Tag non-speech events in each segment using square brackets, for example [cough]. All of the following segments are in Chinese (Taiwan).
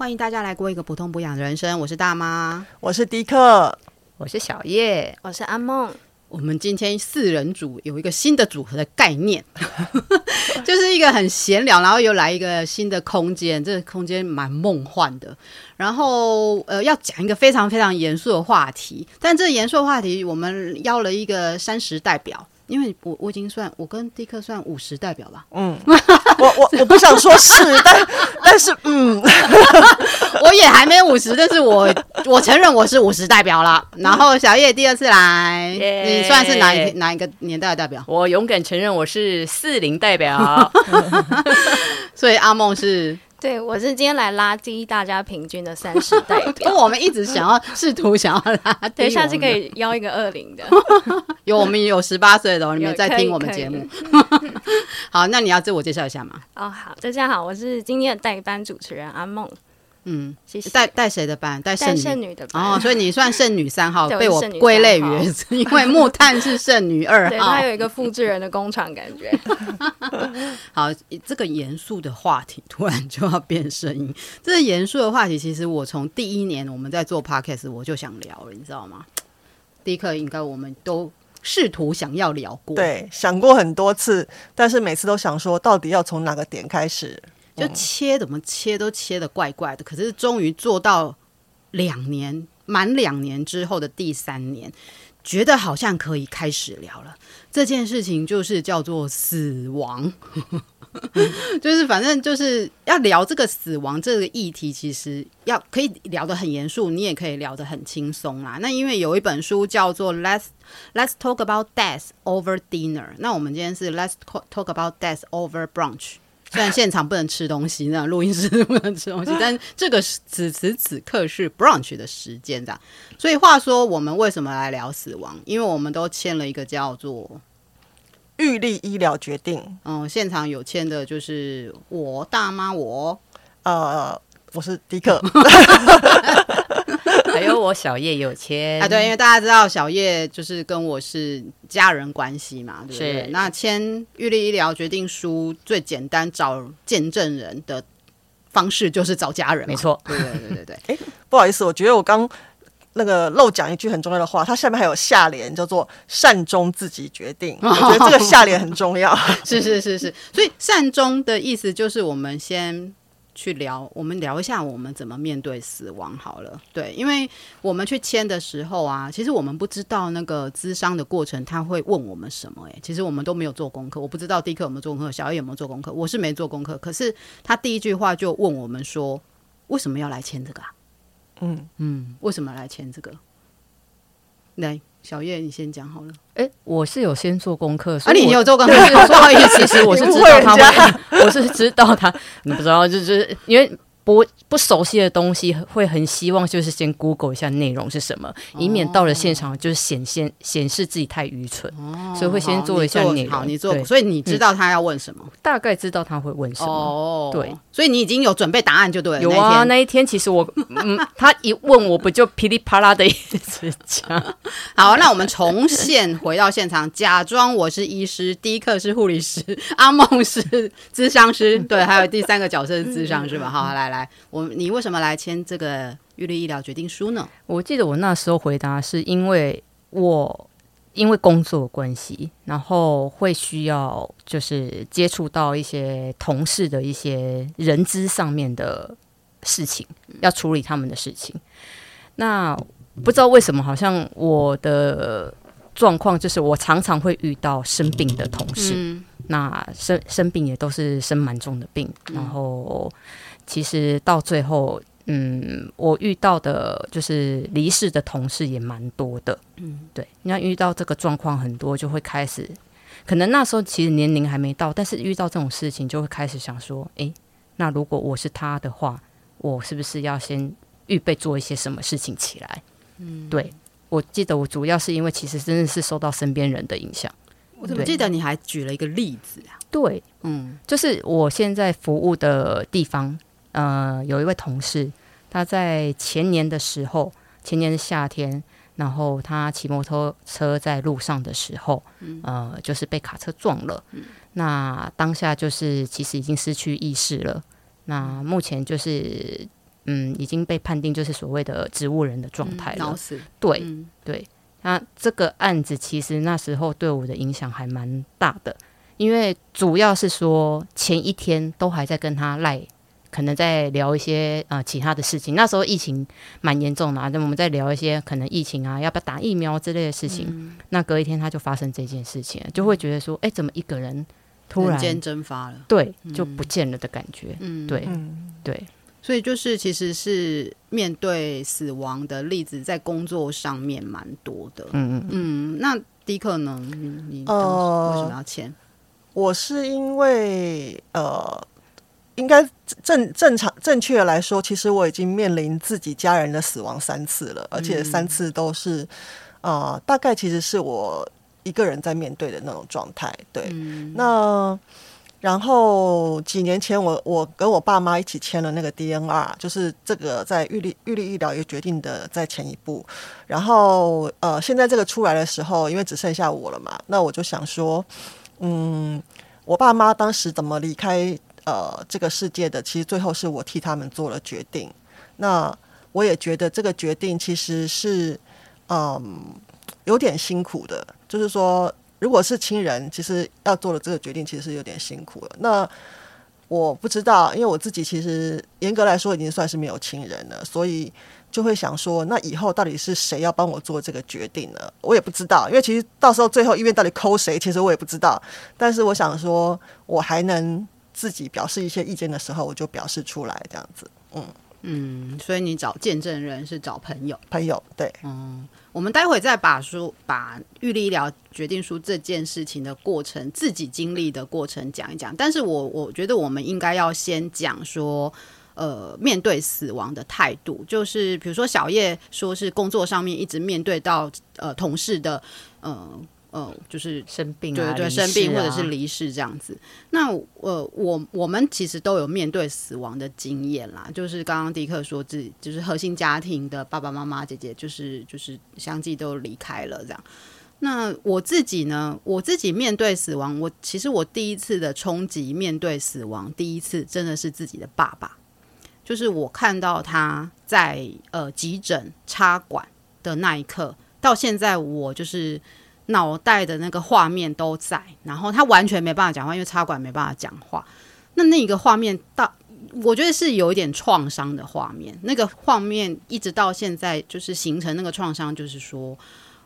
歡迎大家來過一個不痛不癢的人生。我是大媽，我是迪克，我是小葉，我是阿夢。我們今天四人組有一個新的組合的概念， [laughs] 就是一個很閒聊，然後又來一個新的空間，這個空間蠻夢幻的。然後呃，要講一個非常非常嚴肅的話題，但這嚴肅的話題，我們邀了一個三十代表。因為我我已經算我跟迪克算五十代表吧，嗯，我我我不想說是， [laughs] 但但是嗯， [laughs] [laughs] 我也還沒五十，但是我我承認我是五十代表了。然後小曄第二次來，你算是哪一哪一個年代的代表？我勇敢承認我是四零代表， [laughs] [laughs] [laughs] 所以阿夢是。對，我是今天來拉低大家平均的三十代表 [laughs] 對，我們一直想要試圖想要拉低。對，下次可以邀一個二零的， [laughs] 有我們有十八歲的， [laughs] 有你們在聽我們節目？ [laughs] 好，那你要自我介紹一下嗎？哦，好，大家好，我是今天的代班主持人阿夢。嗯，帶帶誰的班？帶聖女，女的班哦，所以你算聖女三號，被我歸類於，因為木炭是聖女二號， [laughs] 對，還有一個複製人的工廠，感覺。 [laughs] 好，這個嚴肅的話題突然就要變聲音，這個嚴肅的話題，其實我從第一年我們在做 Podcast 我就想聊了，你知道嗎？第一刻應該我們都試圖想要聊過，對，想過很多次，但是每次都想說，到底要從哪個點開始？就切怎麼切都切得怪怪的，可是終於做到兩年滿兩年之後的第三年，覺得好像可以開始聊了。這件事情就是叫做死亡， [laughs] 就是反正就是要聊這個死亡這個議題，其實要可以聊得很嚴肅，你也可以聊得很輕鬆啦。那因為有一本書叫做《Let's Let's Talk About Death Over Dinner》，那我們今天是《Let's Talk About Death Over Brunch》。雖然現場不能吃東西，那錄音室不能吃東西，但這個此時此，此刻是 brunch 的時間，這樣、啊。所以話說，我們為什麼來聊死亡？因為我們都簽了一個叫做預立醫療決定。嗯，現場有簽的就是我大媽，我呃，我是迪克。因、哎、為我小葉有簽啊，對，因為大家知道小葉就是跟我是家人關係嘛，對不對？那簽預立醫療決定書最簡單，找見證人的方式就是找家人，沒錯，對對對對、欸、不好意思，我覺得我剛那個漏講一句很重要的話，它下面還有下聯，叫做“善終自己決定、哦”，我覺得這個下聯很重要。 [laughs] 是是是是，所以善終的意思就是我們先。去聊，我們聊一下我們怎麼面對死亡好了。對，因為我們去簽的時候啊，其實我們不知道那個諮商的過程他會問我們什麼、欸。哎，其實我們都沒有做功課，我不知道第一課有沒有做功課，小 A 有沒有做功課，我是沒做功課。可是他第一句話就問我們說，為什麼要來簽這個、啊？嗯嗯，為什麼來簽這個？對。小曄，你先講好了。哎、欸，我是有先做功課，所以、啊、你有做功課，不好意思，其實我是知道他嗎， [laughs] 不會 [laughs] 我是知道他， [laughs] 你不知道，就是因為。我不熟悉的東西會很希望就是先 Google 一下內容是什麼，以免到了現場就是顯現顯示自己太愚蠢、哦，所以會先做一下內容，你做。好，你做，所以你知道他要問什麼、嗯，大概知道他會問什麼。哦，對，所以你已經有準備答案就對了。有啊，那一天, [laughs] 那一天其實我，嗯，他一問我不就噼裡啪啦的一直講。 [laughs] 好，那我們重現回到現場，假裝我是醫師，第一課是護理師，阿夢是諮商師，對，還有第三個角色是諮商是吧？好，來來。我，你為什麼來簽這個預立醫療決定書呢？我記得我那時候回答是因為我因為工作關係，然後會需要就是接觸到一些同事的一些人資上面的事情，要處理他們的事情。嗯、那不知道為什麼，好像我的狀況就是我常常會遇到生病的同事，嗯、那生生病也都是生蠻重的病，然後。嗯其實到最後，嗯，我遇到的就是離世的同事也蠻多的，嗯，對。那遇到這個狀況很多，就會開始，可能那時候其實年齡還沒到，但是遇到這種事情，就會開始想說，哎，那如果我是他的話，我是不是要先預備做一些什麼事情起來？嗯，對。我記得我主要是因為其實真的是受到身邊人的影響。我怎麼記得你還舉了一個例子啊？對，嗯，就是我現在服務的地方。呃，有一位同事，他在前年的時候，前年的夏天，然後他騎摩托車在路上的時候，嗯、呃，就是被卡車撞了、嗯。那當下就是其實已經失去意識了。那目前就是嗯，已經被判定就是所謂的植物人的狀態了。嗯、對、嗯、對，那這個案子其實那時候對我的影響還蠻大的，因為主要是說前一天都還在跟他賴。可能在聊一些呃，其他的事情，那時候疫情蠻嚴重的啊，那我們在聊一些可能疫情啊，要不要打疫苗之類的事情、嗯。那隔一天他就發生這件事情了，就會覺得說，哎、欸，怎麼一個人突然間蒸發了？對、嗯，就不見了的感覺。嗯，對嗯嗯對，所以就是其實是面對死亡的例子，在工作上面蠻多的。嗯嗯，嗯，嗯那迪克呢？嗯、你、呃、為什麼要簽？我是因為呃。應該正正常正確來說，其實我已經面臨自己家人的死亡三次了，而且三次都是啊、呃，大概其實是我一個人在面對的那種狀態。對、嗯，那然後幾年前我我跟我爸媽一起簽了那個 DNR，就是這個在預立預立醫療也決定的在前一步。然後呃，現在這個出來的時候，因為只剩下我了嘛，那我就想說，嗯，我爸媽當時怎麼離開？呃，這個世界的其實最後是我替他們做了決定。那我也覺得這個決定其實是，嗯，有點辛苦的。就是說，如果是親人，其實要做的這個決定，其實是有點辛苦的。那我不知道，因為我自己其實嚴格來說已經算是沒有親人了，所以就會想說，那以後到底是誰要幫我做這個決定呢？我也不知道，因為其實到時候最後醫院到底 call 誰，其實我也不知道。但是我想說，我還能。自己表示一些意見的時候，我就表示出來，這樣子，嗯嗯，所以你找見證人是找朋友？朋友對，嗯，我們待會再把書把預立醫療決定書這件事情的過程，自己經歷的過程講一講。但是我我覺得我們應該要先講說，呃，面對死亡的態度，就是比如說小曄說是工作上面一直面對到呃同事的，嗯、呃。呃，就是生病，啊，對對，啊，生病或者是離世這樣子。那呃，我我們其實都有面對死亡的經驗啦。就是剛剛迪克說，自己就是核心家庭的爸爸媽媽、姐姐，就是就是相繼都離開了這樣。那我自己呢？我自己面對死亡，我其實我第一次的衝擊面對死亡，第一次真的是自己的爸爸。就是我看到他在呃急診插管的那一刻，到現在我就是。腦袋的那個畫面都在，然後他完全沒辦法講話，因為插管沒辦法講話。那那個畫面到，到我覺得是有一點創傷的畫面。那個畫面一直到現在，就是形成那個創傷，就是說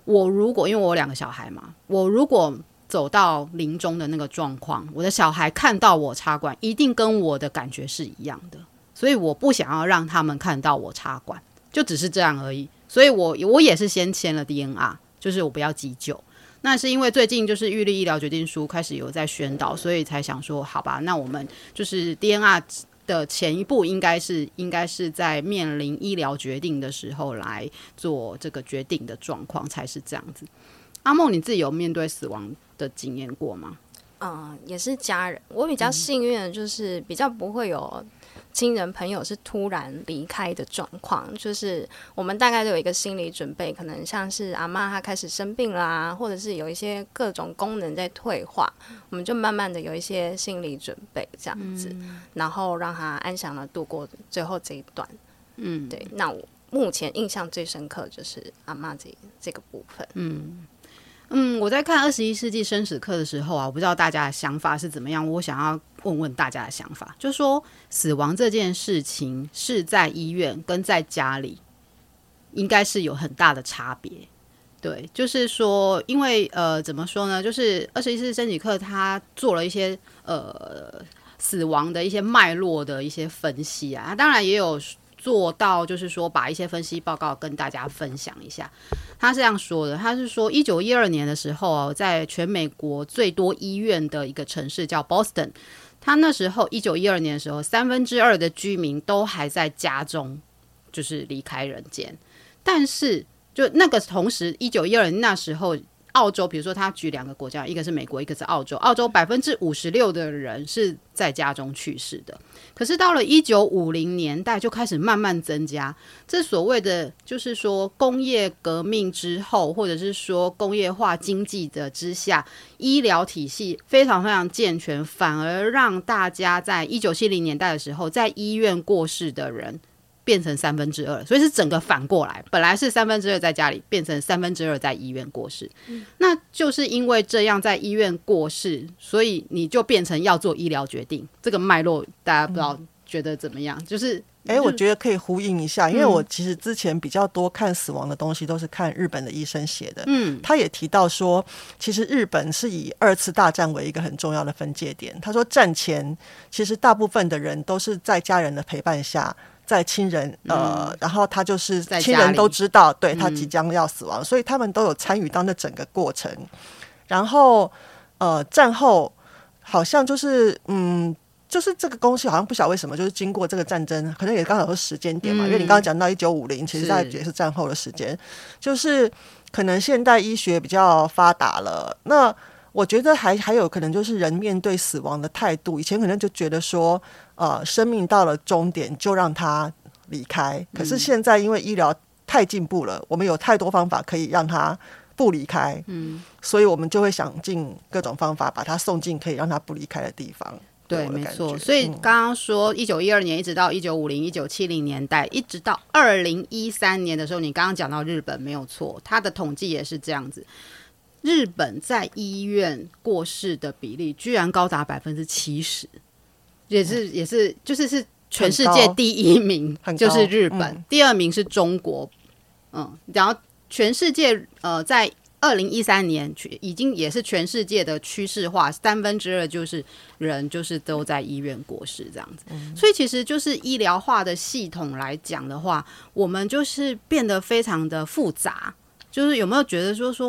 我如果因為我有兩個小孩嘛，我如果走到臨終的那個狀況，我的小孩看到我插管，一定跟我的感覺是一樣的。所以我不想要讓他們看到我插管，就只是這樣而已。所以我，我我也是先簽了 DNR，就是我不要急救。那是因為最近就是預立醫療決定書開始有在宣導，所以才想說，好吧，那我們就是 DNR 的前一步應，應該是應該是在面臨醫療決定的時候來做這個決定的狀況，才是這樣子。阿夢，你自己有面對死亡的經驗過嗎？嗯、呃，也是家人，我比較幸運的就是比較不會有。嗯親人朋友是突然離開的狀況，就是我們大概都有一個心理準備，可能像是阿媽她開始生病啦、啊，或者是有一些各種功能在退化，我們就慢慢的有一些心理準備這樣子，嗯、然後讓她安詳的度過最後這一段。嗯，對。那我目前印象最深刻就是阿媽這這個部分。嗯嗯，我在看《二十一世紀生死課》的時候啊，我不知道大家的想法是怎麼樣。我想要。問問大家的想法，就是說死亡這件事情是在醫院跟在家裡，應該是有很大的差別。對，就是說，因為呃，怎麼說呢？就是二十一世紀生死課他做了一些呃死亡的一些脈絡的一些分析啊，他當然也有做到，就是說把一些分析報告跟大家分享一下。他是這樣說的，他是說一九一二年的時候啊，在全美國最多醫院的一個城市叫 Boston。他那時候，一九一二年的時候，三分之二的居民都還在家中，就是離開人間。但是，就那個同時，一九一二年那時候。澳洲，比如說他舉兩個國家，一個是美國，一個是澳洲。澳洲百分之五十六的人是在家中去世的，可是到了一九五零年代就開始慢慢增加。這所謂的就是說工業革命之後，或者是說工業化經濟的之下，醫療體系非常非常健全，反而讓大家在一九七零年代的時候在醫院過世的人變成三分之二，所以是整個反過來。本來是三分之二在家裡，變成三分之二在醫院過世。嗯、那就是因為這樣在醫院過世，所以你就變成要做醫療決定。這個脈絡大家不知道覺得怎麼樣？嗯、就是，哎、欸，我覺得可以呼應一下，因為我其實之前比較多看死亡的東西，都是看日本的醫生寫的。嗯，他也提到說，其實日本是以二次大戰為一個很重要的分界點。他說，戰前其實大部分的人都是在家人的陪伴下，在親人呃、嗯，然後他就是親人都知道，對他即將要死亡，嗯，所以他們都有參與到那整個過程。然後呃，戰後好像就是嗯，就是這個東西好像不曉得為什麼，就是經過這個戰爭，可能也剛好是時間點嘛，嗯。因為你剛剛講到一九五零，其實大概也是戰後的時間，就是可能現代醫學比較發達了。那我覺得還還有可能就是人面對死亡的態度，以前可能就覺得說，呃，生命到了終點就讓他離開。可是現在因為醫療太進步了、嗯，我們有太多方法可以讓他不離開。嗯，所以我們就會想盡各種方法，把他送進可以讓他不離開的地方。嗯、對，對，沒錯。所以剛剛說一九一二年一直到一九五零、一九七零年代，一直到二零一三年的時候，你剛剛講到日本沒有錯，他的統計也是這樣子。日本在醫院過世的比例居然高達百分之七十。也是也是，就是是全世界第一名，就是日本，嗯，第二名是中國，嗯，然後全世界呃，在二零一三年，已經也是全世界的趨勢化，三分之二就是人就是都在醫院過世這樣子，嗯，所以其實就是醫療化的系統來講的話，我們就是變得非常的複雜，就是有沒有覺得說說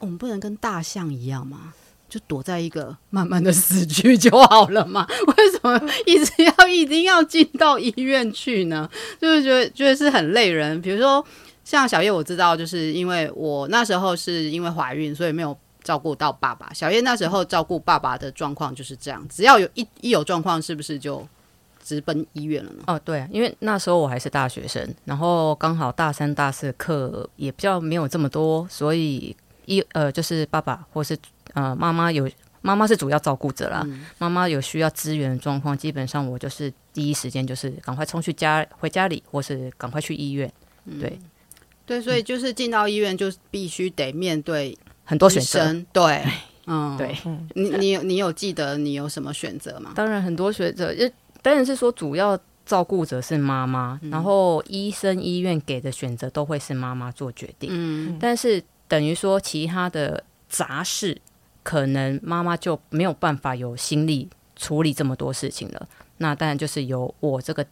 我們不能跟大象一樣嗎？就躲在一個慢慢的死去就好了嘛？為什麼一直要一定要進到醫院去呢？就是覺得覺得是很累人。比如說像小曄，我知道，就是因為我那時候是因為懷孕，所以沒有照顧到爸爸。小曄那時候照顧爸爸的狀況就是這樣，只要有一一有狀況，是不是就直奔醫院了呢？哦，對啊，因為那時候我還是大學生，然後剛好大三大四課也比較沒有這麼多，所以一呃，就是爸爸或是。呃，媽媽有媽媽是主要照顧者啦。嗯、媽媽有需要資源的狀況，基本上我就是第一時間就是趕快衝去家回家裡，或是趕快去醫院。對、嗯，對，所以就是進到醫院就必須得面對醫生很多選擇。對，嗯，對，嗯、你你有你有記得你有什麼選擇嗎？嗯、當然很多選擇，但當然是說主要照顧者是媽媽、嗯，然後醫生醫院給的選擇都會是媽媽做決定。嗯，但是等於說其他的雜事。可能媽媽就沒有辦法有心力處理這麼多事情了。那當然就是由我這個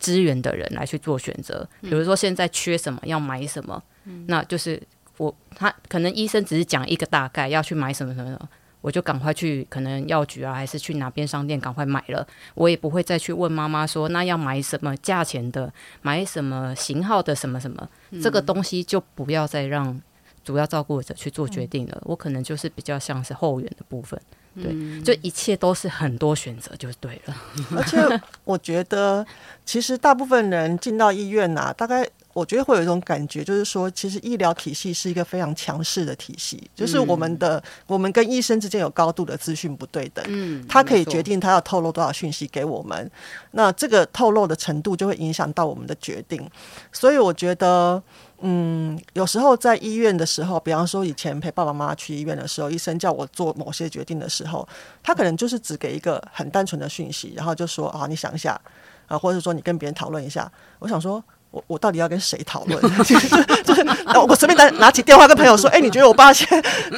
資源的人來去做選擇。比如說現在缺什麼，要買什麼，嗯、那就是我他可能醫生只是講一個大概要去買什麼，什麼什麼，我就趕快去可能藥局啊，還是去哪邊商店趕快買了。我也不會再去問媽媽說那要買什麼價錢的，買什麼型號的什麼什麼，這個東西就不要再讓。主要照顧者去做決定了，嗯，我可能就是比較像是後援的部分，嗯、對，就一切都是很多選擇就對了。 [laughs] 而且我覺得，其實大部分人進到醫院吶、啊，大概我覺得會有一種感覺，就是說，其實醫療體系是一個非常強勢的體系，嗯，就是我們的我們跟醫生之間有高度的資訊不對等，嗯，他可以決定他要透露多少訊息給我們，那這個透露的程度就會影響到我們的決定，所以我覺得。嗯，有時候在醫院的時候，比方說以前陪爸爸媽媽去醫院的時候，醫生叫我做某些決定的時候，他可能就是只給一個很單純的訊息，然後就說啊，你想一下啊，或者說你跟別人討論一下。我想說，我我到底要跟誰討論？就是我隨便拿拿起電話跟朋友說，哎、欸，你覺得我發現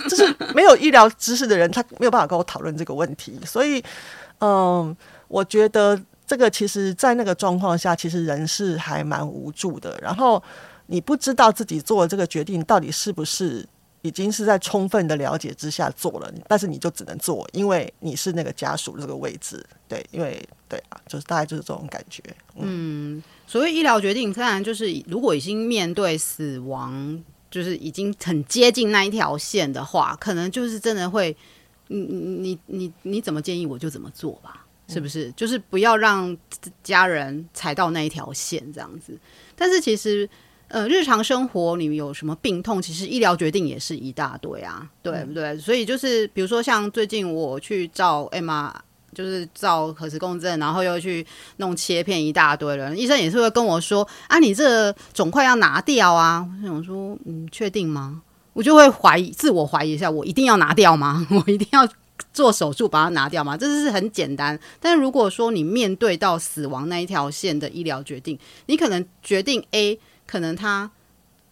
就是沒有醫療知識的人，他沒有辦法跟我討論這個問題。所以，嗯，我覺得這個其實，在那個狀況下，其實人是還蠻無助的。然後。你不知道自己做的這個決定到底是不是已經是在充分的了解之下做了，但是你就只能做，因為你是那個家屬這個位置，對，因為對啊，就是大概就是這種感覺。嗯，嗯所謂醫療決定，當然就是如果已經面對死亡，就是已經很接近那一條線的話，可能就是真的會，你你你你你怎麼建議我就怎麼做吧，是不是？嗯、就是不要讓家人踩到那一條線這樣子，但是其實。呃，日常生活你有什麼病痛？其實醫療決定也是一大堆啊，對不對？嗯、所以就是比如說像最近我去照 M R，就是照核磁共振，然後又去弄切片一大堆人。醫生也是會跟我說：“啊，你這腫塊要拿掉啊。”我想說：“嗯，確定嗎？”我就會懷疑，自我懷疑一下：我一定要拿掉嗎？我一定要做手術把它拿掉嗎？這是很簡單。但如果說你面對到死亡那一條線的醫療決定，你可能決定 A。可能他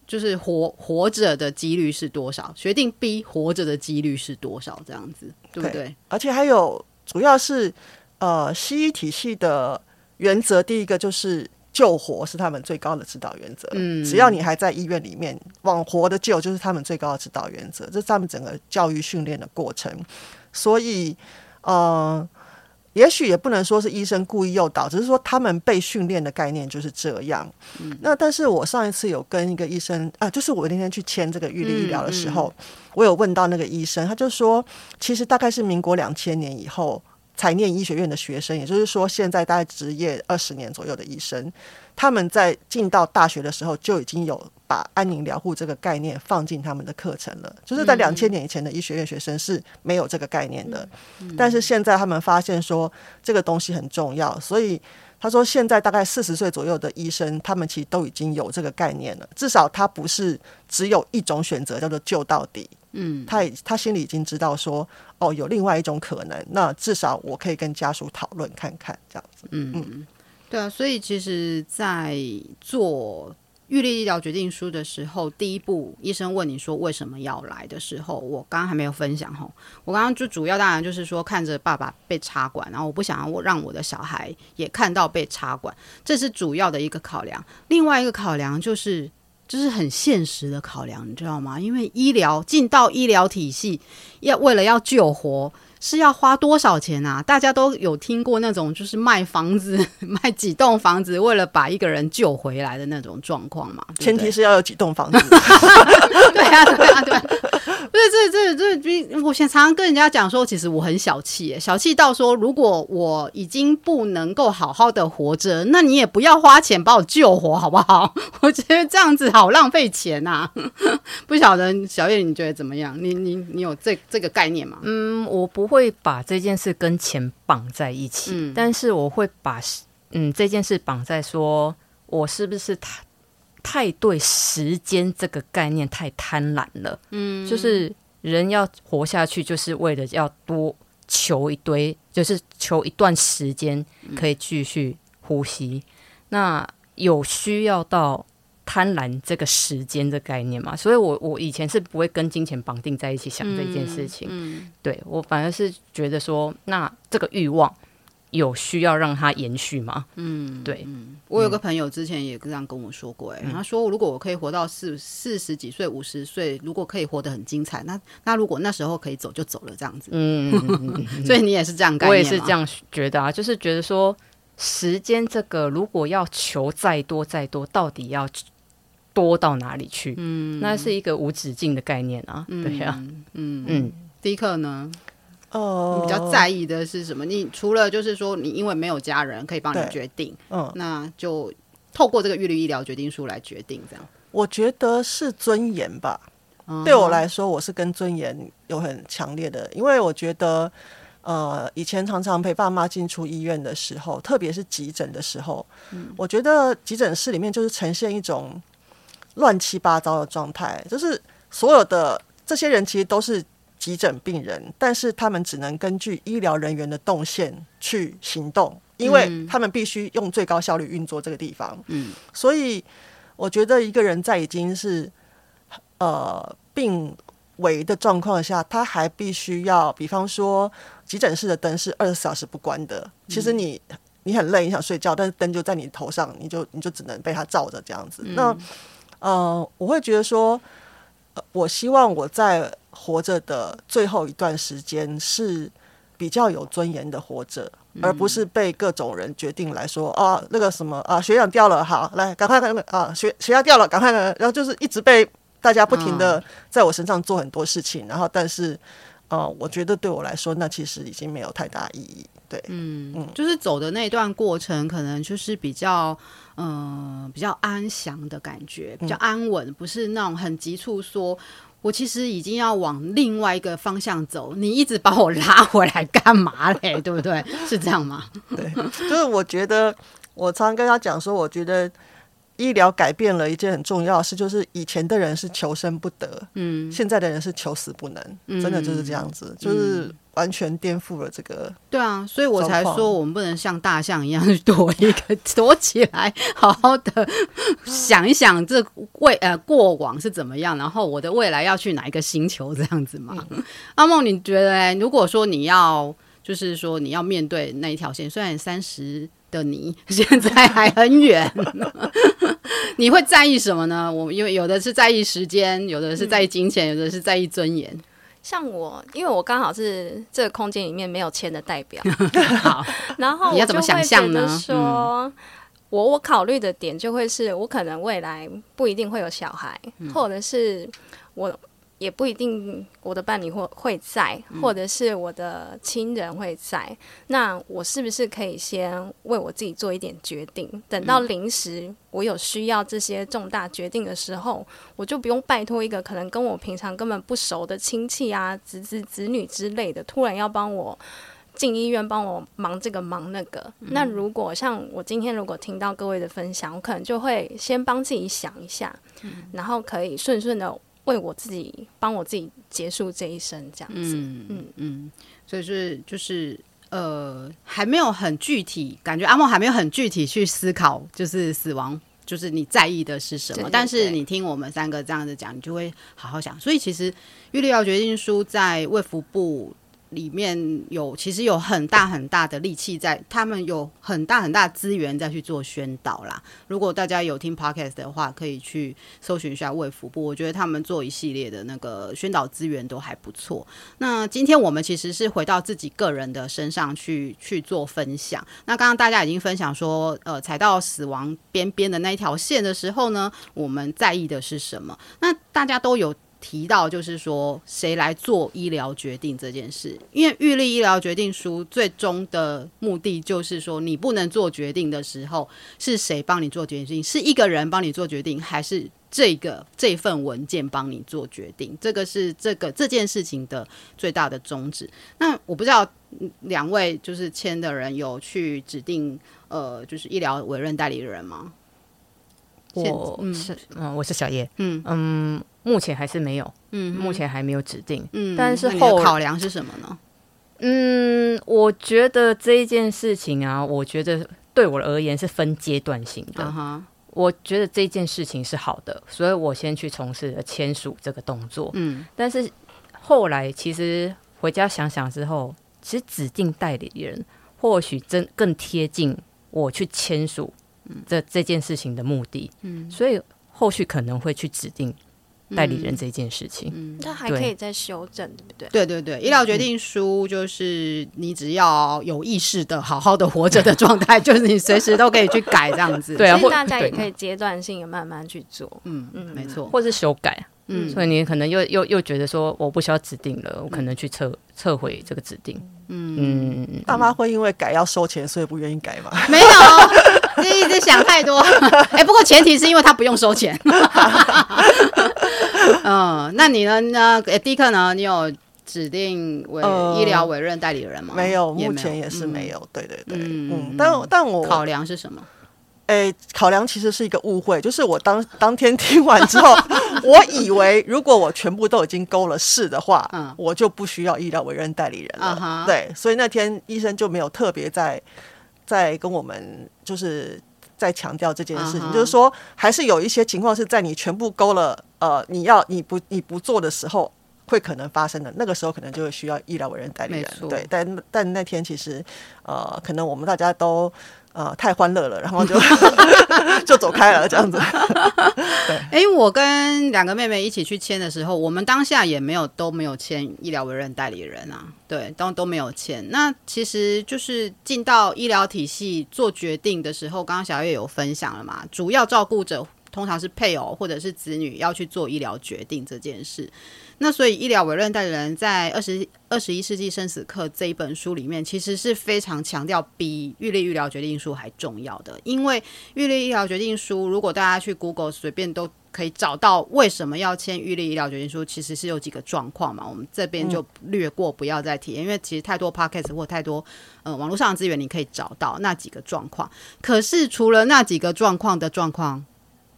就是活活着的幾率是多少？決定 B 活着的幾率是多少？這樣子對不對？Okay. 而且還有，主要是呃，西醫體系的原則，第一個就是救活是他們最高的指導原則。嗯。只要你還在醫院裡面往活的救，就是他們最高的指導原則。這是他們整個教育訓練的過程，所以呃。也許也不能說是醫生故意誘導，只是說他們被訓練的概念就是這樣。嗯。那但是我上一次有跟一個醫生啊，就是我那天去簽這個預立醫療的時候嗯嗯，我有問到那個醫生，他就說，其實大概是民國兩千年以後才念醫學院的學生，也就是說現在大概執業二十年左右的醫生，他們在進到大學的時候就已經有。把安寧療護這個概念放進他們的課程了，就是在兩千年以前的醫學院學生是沒有這個概念的，嗯，但是現在他們發現說這個東西很重要，所以他說現在大概四十歲左右的醫生，他們其實都已經有這個概念了，至少他不是只有一種選擇叫做救到底，嗯，他也他心裡已經知道說哦，有另外一種可能，那至少我可以跟家屬討論看看，這樣子嗯，嗯，對啊，所以其實，在做。預立醫療決定書的時候，第一步醫生問你說為什麼要來的時候，我剛剛還沒有分享吼，我剛剛就主要當然就是說看着爸爸被插管，然後我不想要讓我的小孩也看到被插管，這是主要的一個考量。另外一個考量就是，就是很現實的考量，你知道嗎？因為，醫療進到醫療體系，要為了要救活，是要花多少錢啊？大家都有聽過那種，就是賣房子、賣幾棟房子，為了把一個人救回來的那種狀況嘛對不對？前提是要有幾棟房子。 [laughs] [laughs] 對啊，對啊，對啊。不是這這這，我常常跟人家講說，其實我很小氣，小氣到說，如果我已經不能夠好好的活着，那你也不要花錢把我救活，好不好？我覺得這樣子好浪費錢吶、啊。 [laughs] 不曉得小曄你覺得怎麼樣？你你你有這這個概念嗎？嗯，我不會把這件事跟錢綁在一起、嗯，但是我會把嗯這件事綁在說，我是不是他太對，時間這個概念太貪婪了，嗯，就是人要活下去，就是為了要多求一堆，就是求一段時間可以繼續呼吸，嗯。那有需要到貪婪這個時間的概念嗎？所以我我以前是不會跟金錢綁定在一起想這件事情，嗯，嗯。對，我反而是覺得說，那這個慾望。有需要讓它延續嗎？嗯，對，我有個朋友之前也這樣跟我說過、欸，哎、嗯，他說，如果我可以活到四四十幾歲五十歲，如果可以活得很精彩，那那如果那時候可以走就走了，這樣子嗯嗯。嗯，所以你也是這樣概念？我也是這樣覺得啊，就是覺得說，時間這個如果要求再多再多，到底要多到哪裡去？嗯，那是一個無止境的概念啊。對呀、啊，嗯嗯，嗯，第一課呢？哦、嗯，你比較在意的是什麼？你除了就是說，你因為沒有家人可以幫你決定，嗯，那就透過這個預立醫療決定書來決定，這樣。我覺得是尊嚴吧，嗯。對我來說，我是跟尊嚴有很強烈的，因為我覺得，呃，以前常常陪爸媽進出醫院的時候，特別是急診的時候，嗯，我覺得急診室裡面就是呈現一種亂七八糟的狀態，就是所有的這些人其實都是。急診病人，但是他們只能根據醫療人員的動線去行動，因為他們必須用最高效率運作這個地方。嗯，所以我覺得一個人在已經是呃病危的狀況下，他還必須要，比方說急診室的燈是二十四小時不關的。其實你你很累，你想睡覺，但是燈就在你頭上，你就你就只能被他照着這樣子。嗯。那呃，我會覺得說。我希望我在活着的最後一段時間是比較有尊嚴的活着，而不是被各種人決定來說啊，那個什麼啊，血氧掉了，好，來，趕快看，啊，血血氧掉了，趕快看，然後就是一直被大家不停的在我身上做很多事情，然後，但是，呃、啊，我覺得對我來說，那其實已經沒有太大意義。對嗯，嗯，就是走的那段過程，可能就是比較，嗯、呃，比較安詳的感覺，比較安穩、嗯，不是那種很急促說，說我其實已經要往另外一個方向走，你一直把我拉回來幹嘛嘞？ [laughs] 對不對？ [laughs] 是這樣嗎？對，就是我覺得，我常跟他講說，我覺得醫療改變了一件很重要的事，就是以前的人是求生不得，嗯，現在的人是求死不能，真的就是這樣子，嗯、就是。嗯完全顛覆了這個，對啊，所以我才說我們不能像大象一樣去躲一個 [laughs] 躲起來，好好的 [laughs] 想一想這未呃過往是怎麼樣，然後我的未來要去哪一個星球這樣子嘛。阿、嗯、夢，啊、夢，你覺得欸，如果說你要就是說你要面對那一條線，雖然三十的你現在還很遠， [laughs] [laughs] 你會在意什麼呢？我因為有，有的是在意時間，有的是在意金錢，嗯、有的是在意尊嚴。像我，因為我剛好是這個空間裡面沒有簽的代表， [laughs] 好， [laughs] 然後我就會覺得說，你要怎麼想象呢？說、嗯，我我考慮的點就會是我可能未來不一定會有小孩，嗯、或者是我。也不一定，我的伴侶或會在，或者是我的親人會在、嗯。那我是不是可以先為我自己做一點決定？等到臨時我有需要這些重大決定的時候，嗯、我就不用拜托一個可能跟我平常根本不熟的親戚啊、侄子,子、子,子女之類的，突然要幫我進醫院、幫我忙這個忙那個、嗯。那如果像我今天如果聽到各位的分享，我可能就會先幫自己想一下，嗯、然後可以順順的。為我自己幫我自己結束這一生，這樣子。嗯嗯嗯，所以是就是、就是、呃，還沒有很具體，感覺阿夢還沒有很具體去思考，就是死亡，就是你在意的是什麼。對對對，但是你聽我們三個這樣子講，你就會好好想。所以其實《預立醫療決定書》在衛福部。裡面有其實有很大很大的力氣在，他們有很大很大資源在去做宣導啦。如果大家有聽 Podcast 的話，可以去搜尋一下衛福部，我覺得他們做一系列的那個宣導資源都還不錯。那今天我們其實是回到自己個人的身上去去做分享。那剛剛大家已經分享說，呃，踩到死亡邊邊的那一條線的時候呢，我們在意的是什麼？那大家都有。提到就是說，誰來做醫療決定這件事？因為預立醫療決定書最終的目的就是說，你不能做決定的時候，是誰幫你做決定？是一個人幫你做決定，還是這個這份文件幫你做決定？這個是這個這件事情的最大的宗旨。那我不知道兩位就是簽的人有去指定呃，就是醫療委任代理人嗎？我是嗯，我是小曄嗯嗯,嗯，目前還是沒有嗯，目前還沒有指定嗯，但是後考量是什麼呢？嗯，我覺得這一件事情啊，我覺得對我而言是分階段性的、啊哈。我覺得這件事情是好的，所以我先去從事簽署這個動作嗯，但是後來其實回家想想之後，其實指定代理人或許真更貼近我去簽署。這這件事情的目的、嗯，所以後續可能會去指定代理人這件事情，那、嗯、還可以再修正，對不對？對對對，醫療決定書就是你只要有意識的、好好的活着的狀態，嗯、就是你隨時都可以去改 [laughs] 這樣子。對啊，或大家也可以階段性也慢慢去做，嗯嗯，沒錯，或是修改，嗯，所以你可能又又又覺得說我不需要指定了，嗯、我可能去撤撤回這個指定，嗯嗯，爸媽會因為改要收錢，所以不願意改嗎？嗯、 [laughs] 沒有。 [laughs] 你一直想太多，哎、 [laughs] 欸，不過前提是因為他不用收錢。 [laughs] 嗯，那你呢？那、欸、迪克呢？你有指定為、呃、醫療委任代理人嗎？沒有，沒有目前也是沒有。嗯、對對對，嗯。但、嗯、但我，但我考量是什麼？哎、欸，考量其實是一個誤會。就是我當當天聽完之後， [laughs] [laughs] 我以為如果我全部都已經勾了是的話，嗯，我就不需要醫療委任代理人了、啊。對，所以那天醫生就沒有特別在。在跟我們就是在強調這件事情，就是說還是有一些情況是在你全部勾了呃，你要你不你不做的時候會可能發生的，那個時候可能就需要醫療委任代理人。對，但但那天其實呃，可能我們大家都。呃，太歡樂了，然後就 [laughs] [laughs] 就走開了，這樣子。對，哎、欸，我跟兩個妹妹一起去簽的時候，我們當下也沒有都沒有簽醫療委任代理人啊，對，當都、都沒有簽。那其實就是進到醫療體系做決定的時候，剛剛小曄，有分享了嘛，主要照顧者通常是配偶或者是子女要去做醫療決定這件事。那所以，醫療委任代理人在二十二十一世紀生死課這一本書裡面，其實是非常強調比預立醫療決定書還重要的。因為預立醫療決定書，如果大家去 Google 隨便都可以找到，為什麼要簽預立醫療決定書，其實是有幾個狀況嘛。我們這邊就略過，不要再提。嗯，因為其實太多 Podcast 或太多呃網絡上的資源，你可以找到那幾個狀況。可是除了那幾個狀況的狀況，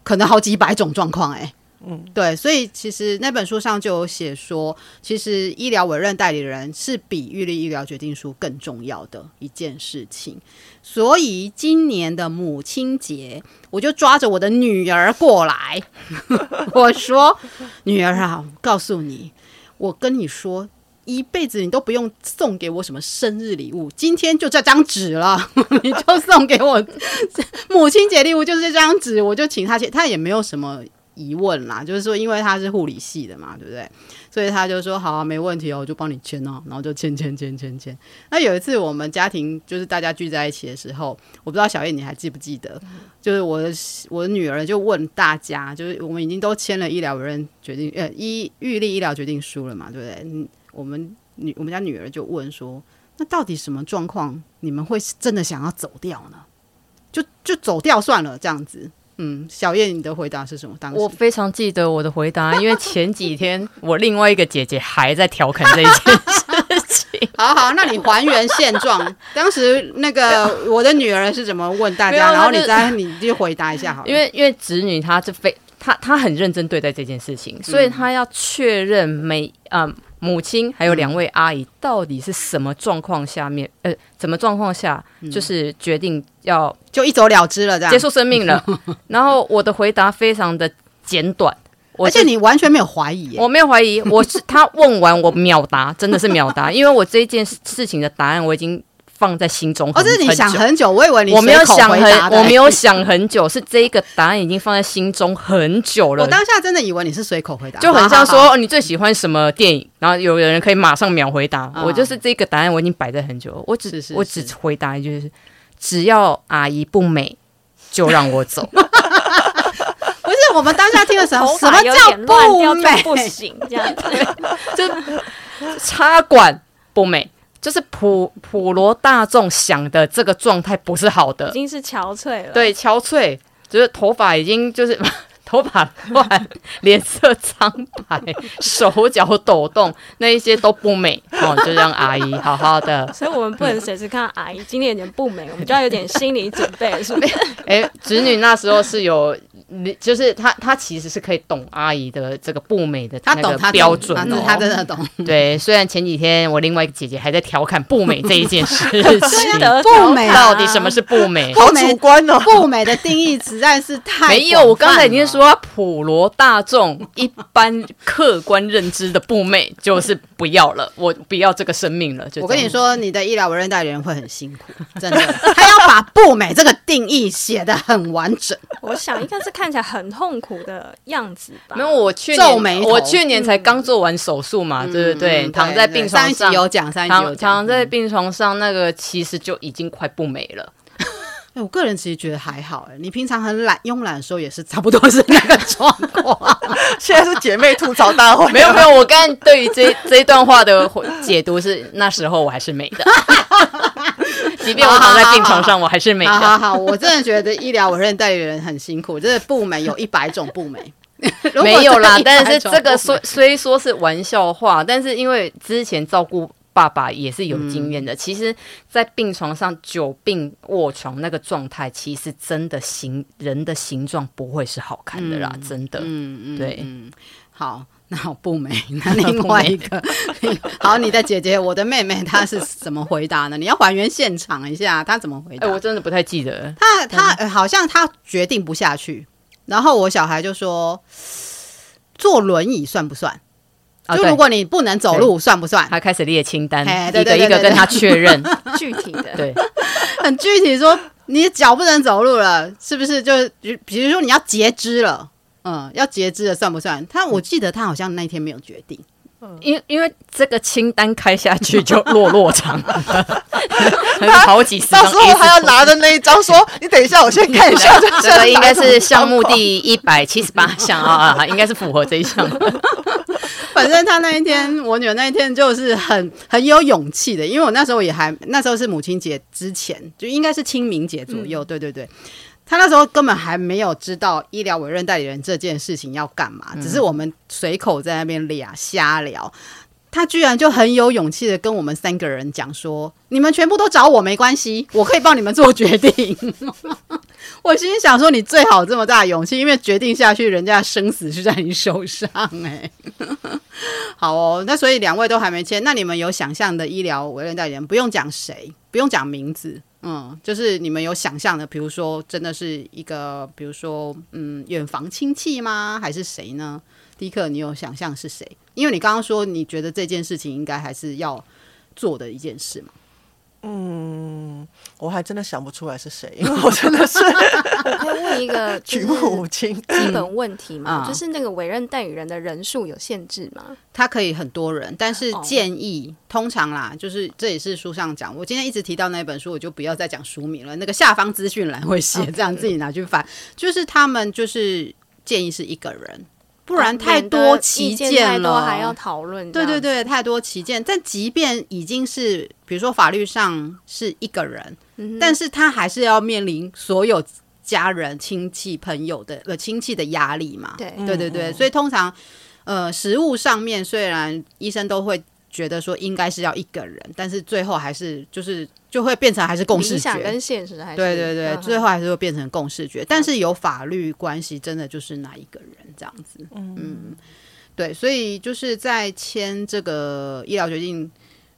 可能好幾百種狀況哎。嗯，對，所以其實那本書上就有寫說，其實醫療委任代理人是比預立醫療決定書更重要的一件事情。所以今年的母親節，我就抓着我的女兒過來， [laughs] [laughs] 我說：“ [laughs] 女兒啊，告訴你，我跟你說，一輩子你都不用送給我什麼生日禮物，今天就這張紙了， [laughs] 你就送給我 [laughs] 母親節禮物，就是這張紙，我就請他去，他也沒有什麼。”疑問啦，就是說，因為他是護理系的嘛，對不對？所以他就說好，啊，沒問題哦，我就幫你簽哦，啊。然後就簽簽簽簽簽。那有一次我們家庭就是大家聚在一起的時候，我不知道小曄你還記不記得，嗯，就是我的我的女兒就問大家，就是我們已經都簽了醫療人決定呃醫預立醫療決定書了嘛，對不對？我們女我們家女兒就問說，那到底什麼狀況，你們會真的想要走掉呢？就就走掉算了，這樣子。嗯，小曄，你的回答是什麼？當時我非常記得我的回答，因為前幾天我另外一個姐姐還在調侃這件事情。 [laughs] 好好，那你還原現狀， [laughs] 當時那個我的女兒是怎麼問大家，然後你再你就回答一下好。因為因為侄女她是非她她很認真對待這件事情，所以她要確認每嗯。嗯母親還有兩位阿姨，到底是什麼狀況下面？嗯、呃，什麼狀況下就是決定要就一走了之了，這樣結束生命了？然後我的回答非常的簡短，而且你完全沒有懷疑。我沒有懷疑，我是他問完我秒答，真的是秒答， [laughs] 因為我這一件事，事情的答案我已經。放在心中，而、哦、是你想很久，很久，我以為你我沒有想很，我沒有想很久，是這一個答案已經放在心中很久了。我當下真的以為你是隨口回答，就很像說，哦，你最喜歡什麼電影，然後有的人可以馬上秒回答。哦、我就是這個答案，我已經擺在很久了，我只是，是，是，我只回答就是，只要阿姨不美，就讓我走。 [laughs] [laughs] 不是，我們當下聽的時候， [laughs] 什麼叫不美不行這樣子，就插管不美。就是普普羅大眾想的這個狀態不是好的，已經是憔悴了。對，憔悴，就是頭髮已經就是 [laughs] 頭髮髮亂換， [laughs] 臉色蒼白，手腳抖動，那一些都不美哦。就讓阿姨好好的，所以我們不能隨時看阿姨， [laughs] 今天有點不美，我們就要有點心理準備，是不是？哎、欸，子女那時候是有。就是他，他其實是可以懂阿姨的這個不美的懂，個標準的、哦，那他，他，他真的懂。對，雖然前幾天我另外一個姐姐還在調侃不美這一件事不 [laughs] [laughs] 美、啊、到底什麼是不美，美？好主觀哦，不美的定義實在是太。沒有，我剛才已經說普羅大眾一般客觀認知的不美就是不要了，我不要這個生命了。就我跟你說，你的醫療委任代理人會很辛苦，真的，他要把不美這個定義寫得很完整。我想應該這。看起來很痛苦的樣子吧？沒有，我去年皺眉頭，我去年才剛做完手術嘛，嗯、對不對，對？躺在病床上有講，三九躺，躺在病床上、嗯、那個其實就已經快不美了。哎、欸，我個人其實覺得還好。哎、欸，你平常很懶、慵懶的時候也是差不多是那個狀況。 [laughs] [laughs] 現在是姐妹吐槽大會，沒有沒有，我剛對於這這一段話的解讀是，那時候我還是美的。 [laughs] 即便我躺在病床上，好好好好我還是美，好，好，好， [laughs] 好，好，好，我真的覺得醫療，我認代理人很辛苦。就是不美，有一百種不美。 [laughs] 沒有啦，但是這個雖 [laughs] 雖說是玩笑話，但是因為之前照顧爸爸也是有經驗的、嗯。其實，在病床上久病臥床那個狀態，其實真的形人的形狀不會是好看的啦，嗯、真的。嗯嗯對。嗯好，那我不美，那另外一個 [laughs] 不妹笑好，你的姐姐， [laughs] 我的妹妹，她是怎麼回答呢？你要還原現場一下，她怎麼回答？哎、欸，我真的不太記得。她她、嗯呃、好像她決定不下去，然後我小孩就說，坐輪椅算不算？就如果你不能走路，啊、算不算？他開始列清單，Okay, 對對對對一個一個跟他確認 [laughs] 具體的，對， [laughs] 很具體說，你腳不能走路了，是不是就？就比比如說你要截肢了。嗯，要截肢的算不算？他，我記得他好像那一天沒有決定，因、嗯、因為這個清單開下去就落落長，他 [laughs] [laughs] [laughs] 好幾十張，到時候他要拿着那一張說：“ [laughs] [laughs] 你等一下，我先看一下。 [laughs] 一”這個應該是項目第一百七十八項啊，應該是符合這一項。 [laughs] [laughs] 反正他那一天，我女兒那一天就是很很有勇氣的，因為我那時候也還那時候是母親節之前，就應該是清明節左右、嗯。對對對，對。他那時候根本還沒有知道醫療委任代理人這件事情要幹嘛，嗯，只是我們隨口在那邊倆瞎聊。他居然就很有勇氣的跟我們三個人講說：“你們全部都找我，沒關係，我可以幫你們做決定。 [laughs] ”我心裡想說：“你最好這麼大的勇氣，因為決定下去，人家生死是在你手上欸。”哎，好哦，那所以兩位都還沒簽，那你們有想象的醫療委任代理人？不用講誰，不用講名字。嗯，就是你們有想象的，比如說真的是一個，比如說，嗯，遠房親戚嗎？還是誰呢？迪克，你有想象是誰？因為你剛剛說你覺得這件事情應該還是要做的一件事嘛。我還真的想不出來是誰， [laughs] 我真的是。我問一個舉目無親，基本問題嘛、嗯嗯，就是那個委任代理人的人數有限制嗎？他可以很多人，但是建議、哦、通常啦，就是這也是書上講。我今天一直提到那本書，我就不要再講書名了。那個下方資訊欄會寫，這樣自己拿去翻。就是他們就是建議是一個人。不然太多歧見了，還要討論。對對對，太多歧見。但即便已經是，比如說法律上是一個人，嗯、但是他還是要面臨所有家人、親戚、朋友的呃親戚的壓力嘛？嗯、對對對，所以通常呃實務上面雖然醫生都會。覺得說應該是要一個人，但是最後還是就是就會變成還是共識決跟現實還是對對對、啊，最後還是會變成共識決，但是有法律關係真的就是那一個人這樣子嗯，嗯，對，所以就是在簽這個醫療決定。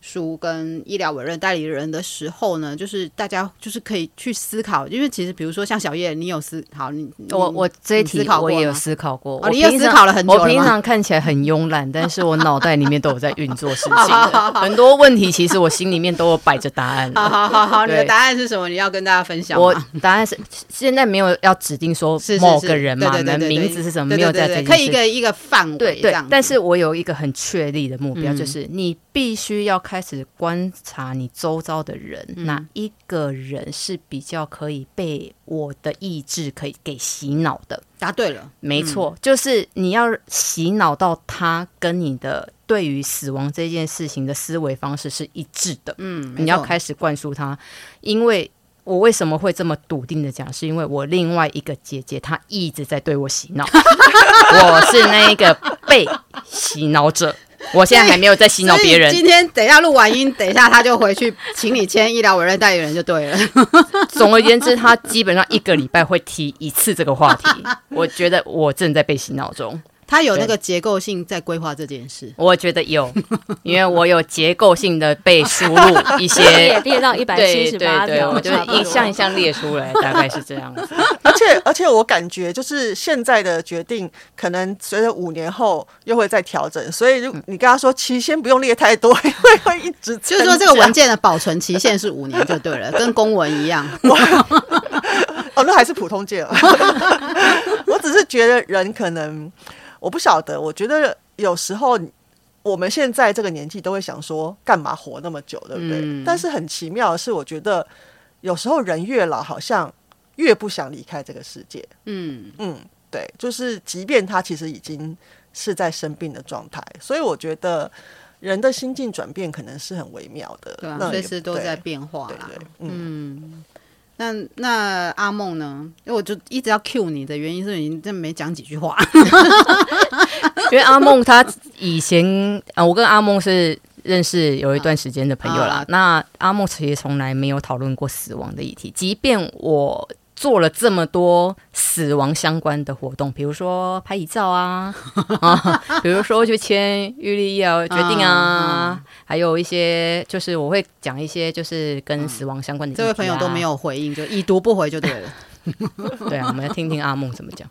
書跟醫療委任代理人的時候呢，就是大家就是可以去思考，因為其實比如說像小曄，你有思，好，你我我這一題我也有思考過，我、哦、也思考了很久了我，平我平常看起來很慵懶，但是我腦袋裡面都有在運作事情， [laughs] 很多問題其實我心裡面都有擺着答案 [laughs] [laughs] 好好好好。好好好，你的答案是什麼？你要跟大家分享嘛，我答案是現在沒有要指定說是某個人嘛，你的名字是什麼？沒有在這對對對對對可以一個一個範圍對，對。但是我有一個很確立的目標，嗯、就是你必須要看。開始觀察你周遭的人，嗯，哪一個人是比較可以被我的意志可以給洗腦的？答對了，嗯，沒錯，就是你要洗腦到他跟你的對於死亡這件事情的思維方式是一致的。嗯，你要開始灌輸他，因為我為什麼會這麼篤定的講，是因為我另外一個姐姐她一直在對我洗腦， [laughs] 我是那個被洗腦者。我現在還沒有在洗腦別人。今天等一下錄完音，等一下他就回去，請你簽醫療委任代理人就對了。 [laughs] 總而言之，他基本上一個禮拜會提一次這個話題。 [laughs] 我覺得我正在被洗腦中。他有那個結構性在規劃這件事，我覺得有，因為我有結構性的被輸入一些列列到一百七十八，對，對，我就一項一項列出來，大概是這樣子。 [laughs] 而且而且我感覺就是現在的決定，可能隨着五年後又會再調整，所以你跟他說，期先不用列太多，因為會一直就是說這個文件的保存期限是五年就對了，跟公文一樣。哦，那還是普通件了，啊、 [laughs] 我只是覺得人可能。我不曉得，我覺得有時候我們現在這個年紀都會想說，幹嘛活那麼久，對不對？嗯，但是很奇妙的是，我覺得有時候人越老，好像越不想離開這個世界。嗯嗯，對，就是即便他其實已經是在生病的狀態，所以我覺得人的心境轉變可能是很微妙的，嗯，那對，隨時都在變化，對，嗯。嗯那那阿夢呢？因為我就一直要 cue 你的原因是，你這沒講幾句話， [laughs] [laughs] 因為阿夢他以前、啊、我跟阿夢是認識有一段時間的朋友啦。啊、啦那阿夢其實從來沒有討論過死亡的議題，即便我，做了這麼多死亡相關的活動，比如說拍遺照啊，比、 [laughs] 啊、如說去簽預立醫療決定啊、嗯，還有一些就是我會講一些就是跟死亡相關的、啊嗯。這位朋友都沒有回應，就已讀不回就對了。 [laughs] [laughs] 對啊，我們來聽聽阿夢怎麼講。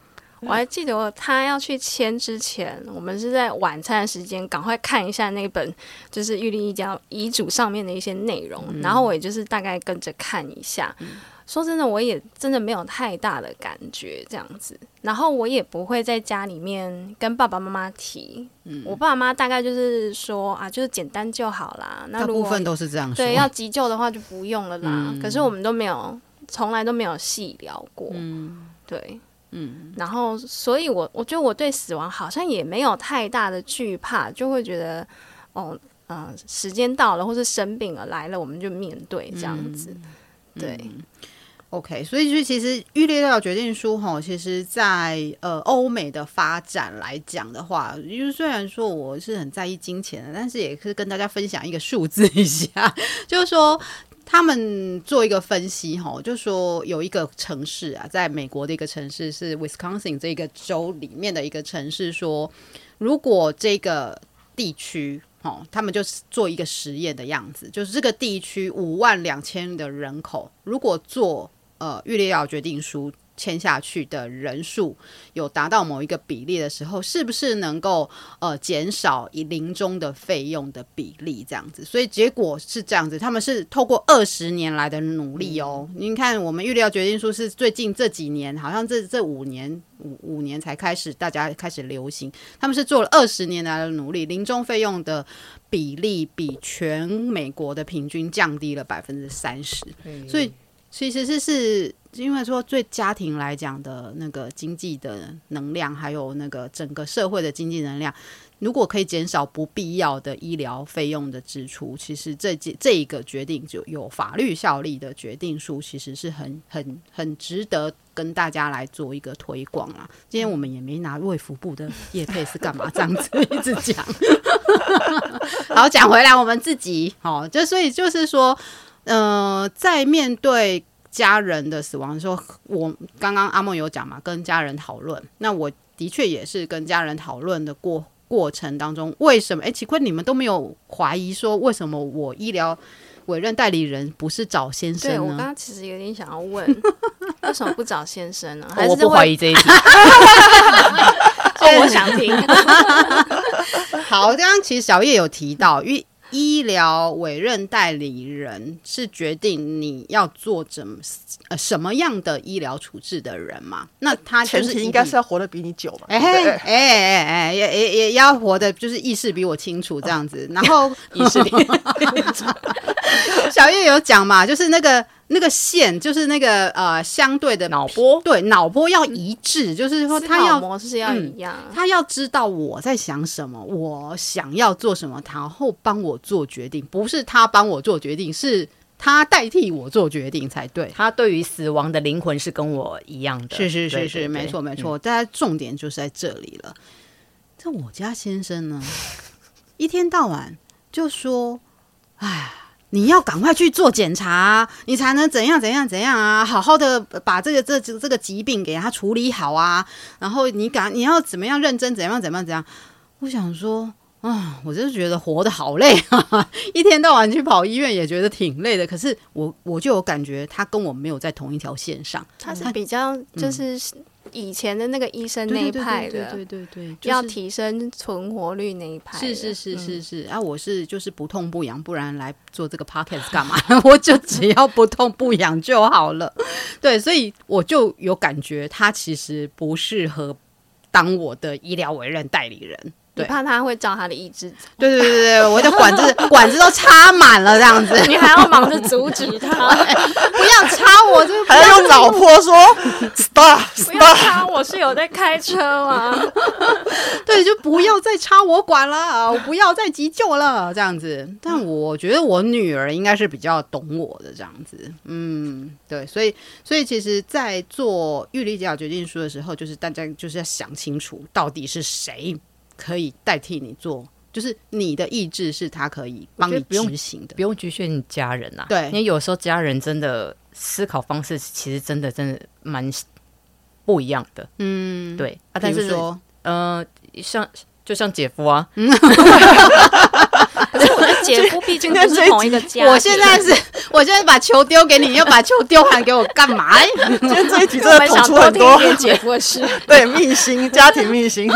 我還記得他要去簽之前，我們是在晚餐時間趕快看一下那本就是預立醫家遺囑上面的一些內容、嗯，然後我也就是大概跟着看一下。嗯說真的，我也真的沒有太大的感覺這樣子，然後我也不會在家裡面跟爸爸媽媽提。嗯，我爸媽大概就是說啊，就是簡單就好啦。那大部分都是這樣。對，要急救的話就不用了啦。嗯，可是我們都沒有，從來都沒有細聊過。嗯，對，嗯。然後，所以我我覺得我對死亡好像也沒有太大的懼怕，就會覺得哦，呃，時間到了，或是生病了來了，我們就面對這樣子。嗯，對。嗯 OK，所以就其實預立醫療決定書哈，其實在，在呃歐美的發展來講的話，因為雖然說我是很在意金錢的，但是也是跟大家分享一個數字一下，就是說他們做一個分析哈，就說有一個城市啊，在美國的一個城市是 Wisconsin 這個州裡面的一個城市說，說如果這個地區哦，他們就是做一個實驗的樣子，就是這個地區五萬兩千的人口，如果做呃，預立醫療決定書簽下去的人數有達到某一個比例的時候，是不是能夠呃減少以臨終的費用的比例這樣子？所以結果是這樣子，他們是透過二十年來的努力哦。您、嗯、看，我們預立醫療決定書是最近這幾年，好像這這五年五五年才開始大家開始流行。他們是做了二十年來的努力，臨終費用的比例比全美國的平均降低了百分之三十，所以。其實是因為說，對家庭來講的那個經濟的能量，還有那個整個社會的經濟能量，如果可以減少不必要的醫療費用的支出，其實這這一個決定就有法律效力的決定書，其實是很很很值得跟大家來做一個推廣啦。今天我們也沒拿衛福部的業配是幹嘛這樣子一直講。 [laughs] [laughs] 好，講回來我們自己好、哦。就所以就是說。呃，在面對家人的死亡的時候，我剛剛阿夢有講嘛，跟家人討論。那我的確也是跟家人討論的過過程當中，為什麼？哎、欸，奇怪，你們都沒有懷疑說為什麼我醫療委任代理人不是找先生呢？對？我剛剛其實有點想要問， [laughs] 為什麼不找先生呢、啊哦？我不懷疑這一題？所 [laughs] 以 [laughs] 是、 [laughs] 哦、我想聽。 [laughs] 好，剛剛其實小曄有提到，因為。醫療委任代理人是決定你要做怎呃什麼樣的醫療處置的人嘛，那他就是應該是要活得比你久嘛。哎哎哎哎也也也要活的就是意識比我清楚這樣子。嗯、然後意識 [laughs] [laughs] 小曄有講嘛，就是那個。那個線就是那個呃，相對的腦波，對腦波要一致，嗯，就是說他要模式要一樣，嗯，他要知道我在想什麼， [noise] 我想要做什麼，然後幫我做決定，不是他幫我做決定，是他代替我做決定才對。他對於死亡的靈魂是跟我一樣的，是是是是對對對沒錯沒錯，沒錯沒錯，大家重點就是在這裡了。這我家先生呢， [laughs] 一天到晚就說，哎。你要趕快去做檢查啊，你才能怎樣怎樣怎樣啊！好好的把這個這這個疾病給他處理好啊！然後你敢你要怎麼樣認真怎樣怎樣怎樣？我想說啊，我就是覺得活得好累啊，一天到晚去跑醫院也覺得挺累的。可是我我就有感覺，他跟我沒有在同一條線上，他是比較就是。嗯。以前的那個醫生那一派的，對對對對,對,對,對、就是、要提升存活率那一派的。是是是是是、嗯、啊，我是就是不痛不癢，不然來做這個 podcast 幹嘛？ [laughs] 我就只要不痛不癢就好了。 [laughs] 對，所以我就有感覺，他其實不適合當我的醫療委任代理人。我怕他會照他的意志。對對對對對，我的管子 [laughs] 管子都插滿了這樣子，你還要忙着阻止他， [laughs] 要 [laughs] 不要插我就是還要用老婆說，Stop，Stop，不要插，我是有在開車嘛。 [laughs] 對，就不要再插我管了，我不要再急救了這樣子。但我覺得我女兒應該是比較懂我的這樣子。嗯，對，所以所以其實，在做預立醫療決定書的時候，就是大家就是要想清楚，到底是誰。可以代替你做，就是你的意志，是他可以幫你執行的，不用局限你家人啊。對，因為有時候家人真的思考方式其實真的真的蠻不一樣的。嗯，對啊，但是說，說呃，像就像姐夫啊，可 [laughs] [laughs] [laughs] 是我的姐夫畢竟不是同一個家， [laughs] 我現在是。我現在把球丟給你，你又把球丟還給我幹嘛？欸？其 [laughs] 實這一題真的捅出很多 [laughs] 姐夫的事。 [laughs] 對，秘辛，家庭秘辛。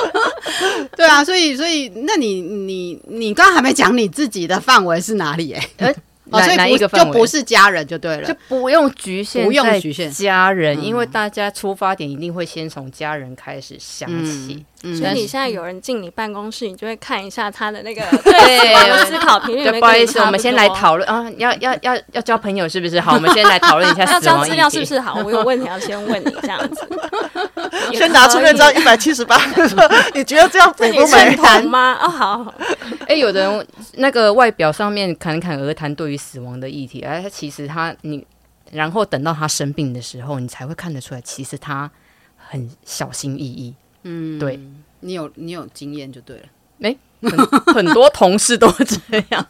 [laughs] 對啊，所以所以，那你你你剛剛還沒講你自己的範圍是哪裡？欸？哎、呃哦，所以不哪一個範圍？就不是家人就對了，就不用局限，不用局限家人，因為大家出發點一定會先從家人開始想起。嗯嗯、所以你現在有人進你辦公室、嗯，你就會看一下他的那個、嗯、對對我的思考頻率。 [laughs] 不好意思，我們先來討論啊，要要要要交朋友是不是？好，我們先來討論一下死亡議題。要交資料是不是？好，我有問題要先問你，這樣子。 [laughs] 先拿出那張一百七十八。你覺得這樣不很傳 [laughs] 嗎？哦，好，好。哎 [laughs] 欸，有的人那個外表上面侃侃而談，對於死亡的議題，哎、呃，他其實他你，然後等到他生病的時候，你才會看得出來，其實他很小心翼翼。嗯，對，你有你有經驗就對了。哎、欸，很多同事都這樣， [laughs] 啊、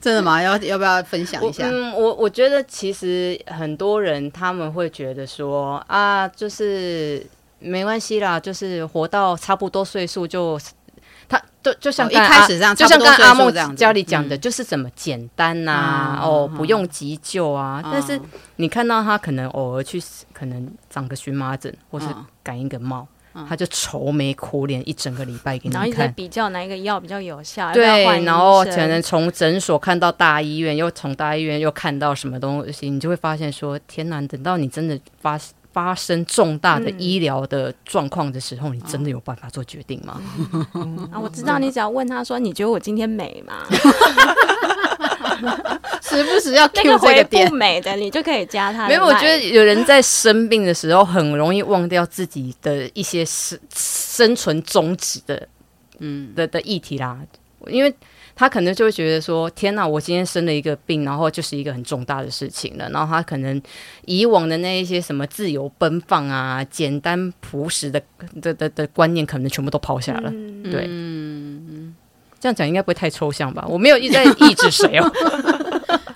真的嗎？要要不要分享一下？嗯，我我覺得其實很多人他們會覺得說啊，就是沒關係啦，就是活到差不多歲數就他就就像、哦、一開始這樣，這樣，就像跟阿夢家裡講的，就是怎麼簡單吶、啊嗯，哦、嗯，不用急救啊、嗯。但是你看到他可能偶爾去可能長個蕁麻疹，或是感一個冒。嗯他就愁眉苦臉、嗯、一整個禮拜給你看，然後一直在比較哪一個藥比較有效？對，要要然後可能從診所看到大醫院，又從大醫院又看到什麼東西，你就會發現說：天哪！等到你真的發發生重大的醫療的狀況的時候、嗯，你真的有辦法做決定嗎？嗯、 [laughs] 啊，我知道，你只要問他說：你覺得我今天美嗎？ [laughs] [laughs] [laughs] 時不時要 q 這個點， [laughs] 不美的你就可以加他。 [laughs] 沒有，我覺得有人在生病的時候，很容易忘掉自己的一些生生存宗旨的，嗯的的議題啦。因為他可能就會覺得說，天哪、啊，我今天生了一個病，然後就是一個很重大的事情了。然後他可能以往的那一些什麼自由奔放啊、簡單樸實的的的的觀念，可能全部都拋下來了、嗯。對。嗯這樣講應該不會太抽象吧？我沒有一直在抑制誰哦。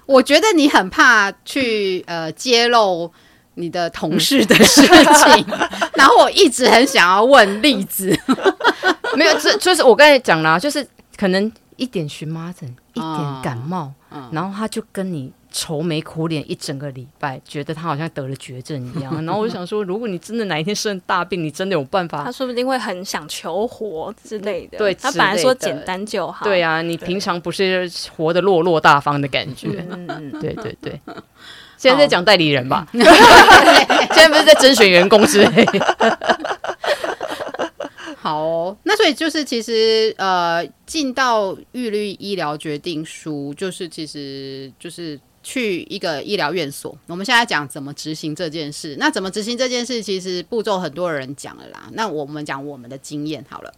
我覺得你很怕去呃揭露你的同事的事情， [laughs] 然後我一直很想要問例子， [laughs] 沒有，就就是我剛才講了、啊，就是可能一點蕁麻疹，一點感冒，啊、然後他就跟你。愁眉苦臉一整個禮拜，覺得他好像得了絕症一樣。 [laughs] 然後我想說，如果你真的哪一天生大病，你真的有辦法，他說不定會很想求活之類的。對的他本來說簡單就好。對啊，你平常不是活得落落大方的感覺？嗯，對對對。現在在講代理人吧， [laughs] 嗯、 [laughs] [laughs] 現在不是在甄選員工之類。 [laughs] 好、哦，那所以就是其實呃，進到預立醫療決定書，就是其實就是。去一個醫療院所，我們現在講怎麼執行這件事。那怎麼執行這件事？其實步驟很多人講了啦。那我們講我們的經驗好了，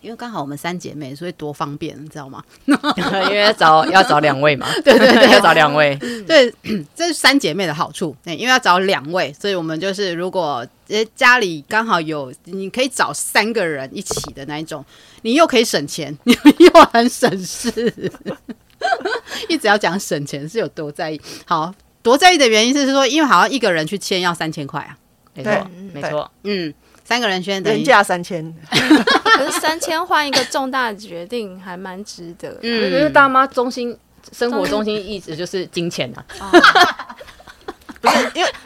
因為剛好我們三姐妹，所以多方便，你知道嗎？因為要找要找兩 [laughs] 位嘛，對對對，要找兩位。對，這是三姐妹的好處。對，因為要找兩位，所以我們就是如果、欸、家裡剛好有，你可以找三個人一起的那一種，你又可以省錢，你又很省事。一直要講省錢，是有多在意？好多在意的原因是是說，因為好像一個人去簽要三千塊啊，沒錯沒錯，嗯，三個人簽等於人價三千， [laughs] 可是三千換一個重大決定還蠻值得、啊，因、嗯、是大媽中心，中心生活中心一直就是金錢啊，啊 [laughs] 不是因為。 [laughs]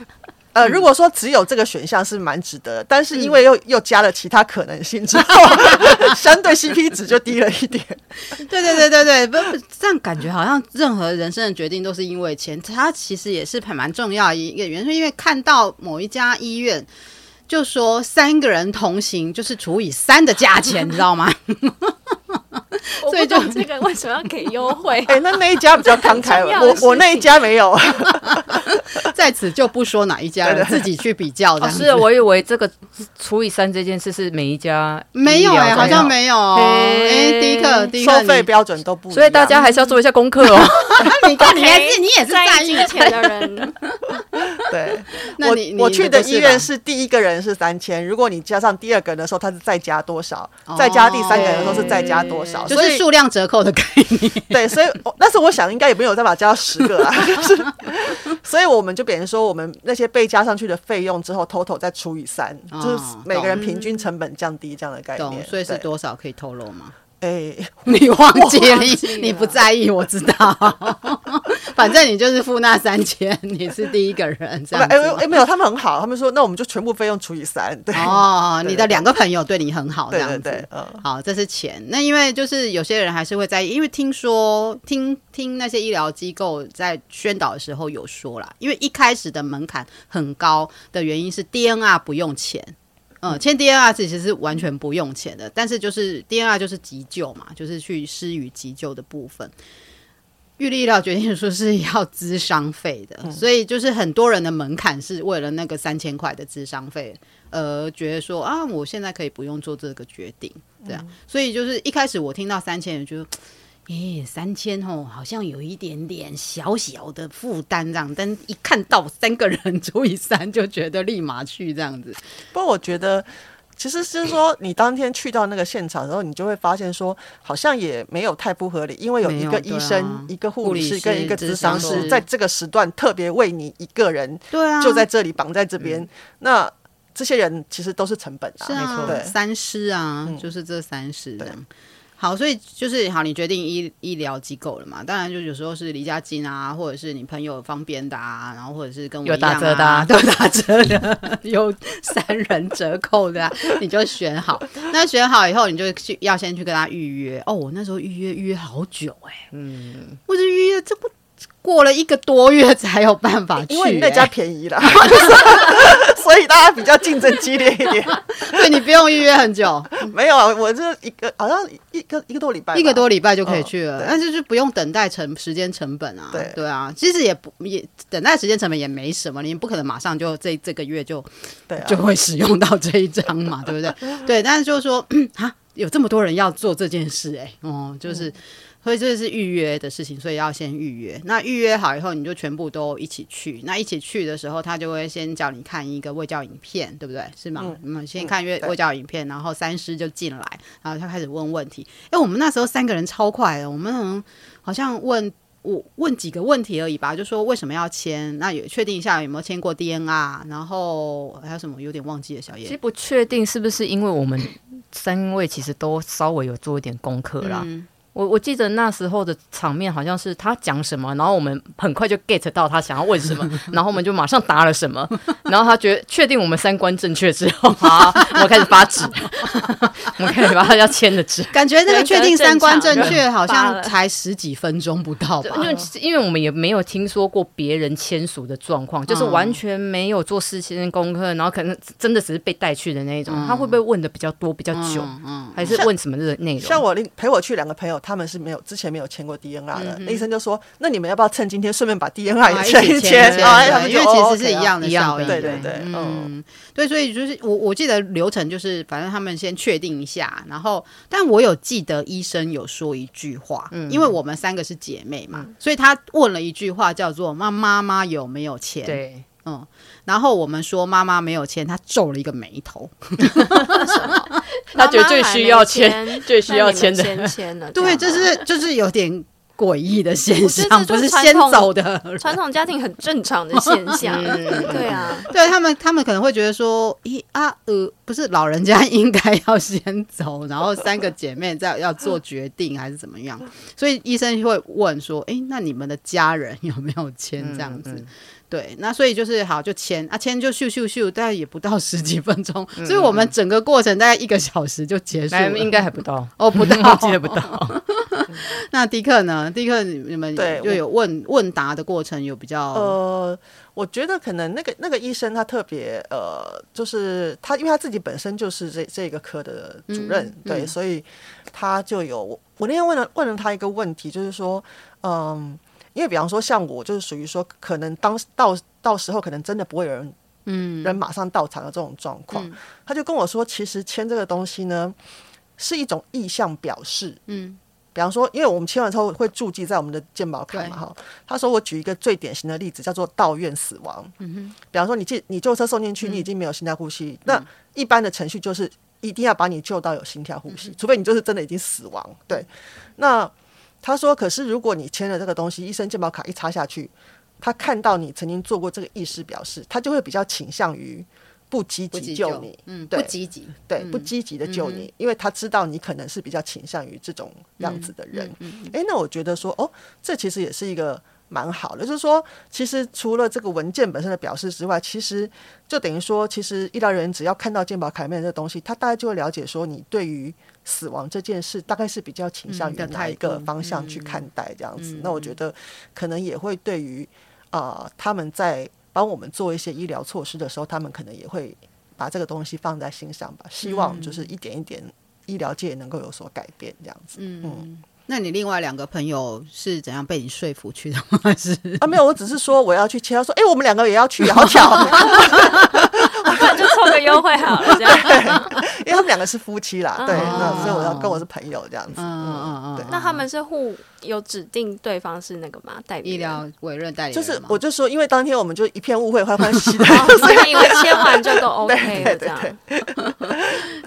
呃、嗯，如果說只有這個選項是蠻值得的，但是因為又、嗯、又加了其他可能性之後， [laughs] [laughs] 相對 CP 值就低了一點。 [laughs] 對對對對對，不，不，不這樣感覺好像任何人生的決定都是因為錢，它其實也是蠻蠻重要的一個原因是因為看到某一家醫院。就說三個人同行就是除以三的價錢，你 [laughs] 知道嗎？所以就這個為什麼要給優惠、啊？哎、 [laughs] 欸，那那一家比較慷慨，我我那一家沒有， [laughs] [laughs] 在此就不說哪一家了，自己去比較、哦、的。是我以為這個除以三這件事是每一家沒有、欸，好像沒有。哎、欸欸，第一個第一個收費標準都不一樣，所以大家還是要做一下功課哦。 [laughs] 你你也是你也是在意錢、okay, [laughs] 的人。 [laughs] 對，那你, [laughs] 你我。我去的醫院是第一個人是三千。如果你加上第二個人的時候，它是再加多少？Oh, 再加第三個人的時候是再加多少？欸、所以就是數量折扣的概念。對，所以，但、哦、是我想應該也沒有再辦法加到十個啊。 [laughs] 所以我們就比如說，我們那些被加上去的費用之後，total 偷偷再除以三，oh, 就是每個人平均成本降低這樣的概念。對，所以是多少可以透露嗎？哎、欸，你忘記你忘記了你不在意，我知道， [laughs] [laughs] 反正你就是付那三千，你是第一個人，這樣。哎、欸、哎、欸欸，沒有，他們很好，他們說那我們就全部費用除以三。對哦，你的兩個朋友對你很好， [laughs] 這樣對，對，對、嗯，好，這是錢。那因為就是有些人還是會在意，因為聽說聽聽那些醫療機構在宣導的時候有說啦，因為一開始的門檻很高的原因是 DNR 不用錢。嗯，簽 DNR 其實是完全不用錢的，嗯、但是就是 DNR 就是急救嘛，就是去施予急救的部分。預立醫療決定說是要諮商費的，嗯，所以就是很多人的門檻是為了那個三千塊的諮商費，而、呃、覺得說啊，我現在可以不用做這個決定，對啊、嗯。所以就是一開始我聽到三千元就。誒、欸，三千吼，喔，好像有一點點小小的負擔這樣，但一看到三個人除以三，就覺得立馬去這樣子。不過我覺得，其實是說你當天去到那個現場的時候，你就會發現說，好像也沒有太不合理，因為有一個醫生、啊、一個護理師，理師，跟一個諮商師，在這個時段特別為你一個人，對啊，就在這裡綁在這邊、啊。那這些人其實都是成本啊，沒錯、啊，三師啊、嗯，就是這三師這、啊好，所以就是好，你決定醫醫療機構了嘛？當然，就有時候是離家近啊，或者是你朋友方便的啊，然後或者是跟我、啊、有打折的啊，都打折的，有三人折扣的、啊， [laughs] 你就選好。那選好以後，你就去要先去跟他預約。哦，我那時候預約預約好久哎、欸，嗯，我就預約，這不過了一個多月才有辦法去、欸，因為你那家便宜了。 [laughs] [laughs] 比較競爭激烈一點 [laughs] [laughs] [laughs] 對，對你不用預約很久， [laughs] 沒有啊，我這一個好像一個一個多禮拜，一個多禮拜，拜就可以去了、哦，但就是不用等待成時間成本啊。對，對啊，其實也不也等待時間成本也沒什麼，你不可能馬上就這這個月就對、啊、就會使用到這一張嘛，對不對？ [laughs] 對，但是就是說啊，有這麼多人要做這件事、欸，哎，哦，就是。嗯所以這是預約的事情，所以要先預約。那預約好以後，你就全部都一起去。那一起去的時候，他就會先叫你看一個衛教影片，對不對？是嗎？我、嗯、們先看衛教影片、嗯，然後三師就進來，然後他開始問問題。哎、欸，我們那時候三個人超快的，我們好像問問幾個問題而已吧，就說為什麼要簽？那也確定一下有沒有簽過 DNR，然後還有什麼有點忘記了。小曄其實不確定是不是因為我們三位其實都稍微有做一點功課啦、嗯我我記得那時候的場面好像是他講什麼，然後我們很快就 get 到他想要問什麼，然後我們就馬上答了什麼，然後他覺得確定我們三觀正確之後，好，我開始發紙， [laughs] [laughs] [laughs] 我開始把他要簽的紙。感覺那個確定三觀正確好像才十幾分鐘不到吧，因為因為我們也沒有聽說過別人簽署的狀況，就是完全沒有做事先功課，然後可能真的只是被帶去的那一種。他會不會問的比較多、比較久，還是問什麼的，內容？像我陪我去兩個朋友。他們是沒有之前沒有簽過 DNR 的。嗯，醫生就說：“那你們要不要趁今天順便把 DNR 簽、嗯啊、一簽？”，因為其實是一樣的效 okay,、uh, 一樣，對對對嗯嗯，嗯，對，所以就是我我記得流程就是，反正他們先確定一下，然後，但我有記得醫生有說一句話，嗯、因為我們三個是姐妹嘛、嗯，所以他問了一句話叫做：“媽媽媽有沒有簽？”對。嗯，然後我們說媽媽沒有簽，她皺了一個眉頭。她絕對需要簽，最需要簽的先簽了對。對，就是就是有點詭異的現象，不是先走的傳。傳統家庭很正常的現象， [laughs] 嗯、對啊，對他們他們可能會覺得說，咦啊呃，不是老人家應該要先走，然後三個姐妹再要做決定還是怎麼樣？所以醫生會問說，哎，那你們的家人有沒有簽這樣子？嗯嗯對，那所以就是好，就簽啊簽就咻咻咻，大概也不到十幾分鐘，嗯、 [laughs] 所以我們整個過程大概一個小時就結束了，嗯，應該還不到，哦不到，接 [laughs] 不到。 [laughs] 那迪克呢？迪克你們對就有問問答的過程，有比較呃，我覺得可能那個那個醫生他特別呃，就是他因為他自己本身就是這這個科的主任，嗯、對、嗯，所以他就有，我那天問了問了他一個問題，就是說嗯。呃因為比方說，像我就是屬於說，可能當到到時候，可能真的不會有人，嗯，人馬上到場的這種狀況，嗯。他就跟我說，其實簽這個東西呢，是一種意向表示。嗯，比方說，因為我們簽完之後會注記在我們的健保卡嘛哈。他說，我舉一個最典型的例子，叫做“到院死亡”。嗯。比方說你，你救你救護車送進去，你已經沒有心跳呼吸，嗯，那一般的程序就是一定要把你救到有心跳呼吸，嗯，除非你就是真的已經死亡。對，那，他說：“可是，如果你簽了這個東西，醫生健保卡一插下去，他看到你曾經做過這個意思表示，他就會比較傾向於不積極救你，救嗯，不積極，對，不積極、嗯、不積極的救你、嗯，因為他知道你可能是比較傾向於這種樣子的人。誒、嗯嗯欸，那我覺得說，哦，這其實也是一個。”蠻好的，就是說，其實除了這個文件本身的表示之外，其實就等於說，其實醫療人員只要看到健保卡面這個東西，他大概就會了解說，你對於死亡這件事，大概是比較傾向於哪一個方向去看待這樣子。嗯嗯嗯、那我覺得，可能也會對於啊、呃，他們在幫我們做一些醫療措施的時候，他們可能也會把這個東西放在心上吧。希望就是一點一點，醫療界能夠有所改變這樣子。嗯。嗯嗯那你另外兩個朋友是怎樣被你說服去的嗎？還是啊，沒有，我只是說我要去切，他說，誒、欸，我們兩個也要去，好巧。 [laughs] [laughs] 報個優惠好了，這樣 [laughs] 對，因為他們兩個是夫妻啦，哦、對，那所以我要跟我是朋友這樣子，哦、嗯嗯嗯。那他們是互有指定對方是那個嗎？代理醫療委任代理人。就是我就說，因為當天我們就一片誤會，歡歡喜喜的，所以以 [laughs] 簽完就都 OK 了，這樣。對對對對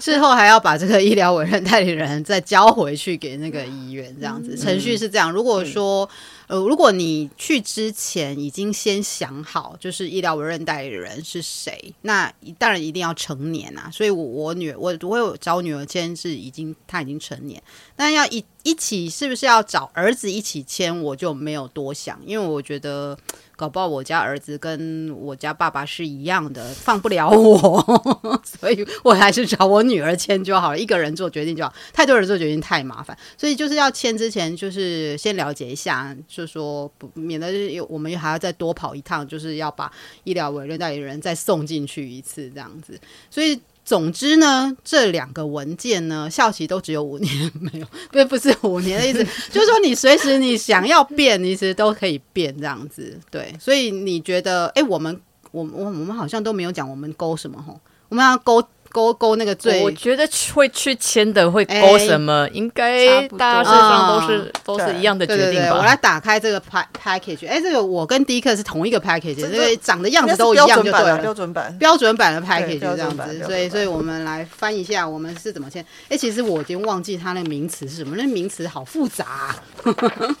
[laughs] 事後還要把這個醫療委任代理人再交回去給那個醫院，這樣子、嗯、程序是這樣。如果說。呃，如果你去之前已經先想好，就是醫療委任代理人是誰，那當然一定要成年啊。所以我，我我女兒我我有找女兒簽字，已經她已經成年。那要一一起，是不是要找兒子一起簽？我就沒有多想，因為我覺得。搞不好我家兒子跟我家爸爸是一樣的，放不了我， [laughs] 所以我還是找我女兒簽就好了。一個人做決定就好。太多人做決定太麻煩，所以就是要簽之前就是先了解一下，就說不免得我們還要再多跑一趟，就是要把醫療委任代理人再送進去一次這樣子，所以。總之呢，這兩個文件呢，效期都只有五年，沒有，不是不是五年的意思， [laughs] 就是說你隨時你想要變，你其實都可以變這樣子。對，所以你覺得，哎、欸，我們，我，我，我們好像都沒有講，我們勾什麼吼，我們要勾。勾勾那個最，我覺得會去簽的會勾什麼？欸、應該大致上、嗯、都是都是一樣的決定吧。對對對，我來打開這個 pack package、欸。哎，這個我跟迪克是同一個 package，因為、那個、長的樣子都一樣，就是標準版標準版的 package 這樣子。所以，所以我們來翻一下，我們是怎麼簽？哎、欸，其實我已經忘記它的名詞是什麼，那名詞好複雜、啊， [laughs]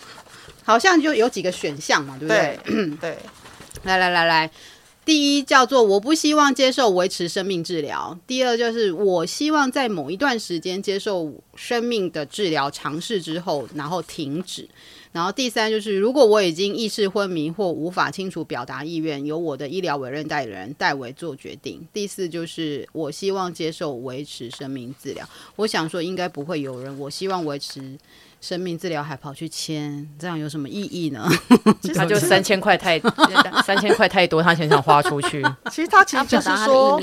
好像就有幾個選項嘛，對不對？對，對 [coughs] 來來來來。第一叫做我不希望接受維持生命治療。第二就是我希望在某一段時間接受生命的治療嘗試之後，然後停止。然後第三就是如果我已經意識昏迷或無法清楚表達意願，由我的醫療委任代理人代為做決定。第四就是我希望接受維持生命治療。我想說應該不會有人，我希望維持。生命治療還跑去簽，這樣有什麼意義呢？ [laughs] 他就三千塊太， [laughs] 三千塊太多，他想想花出去。其實他其實只是說，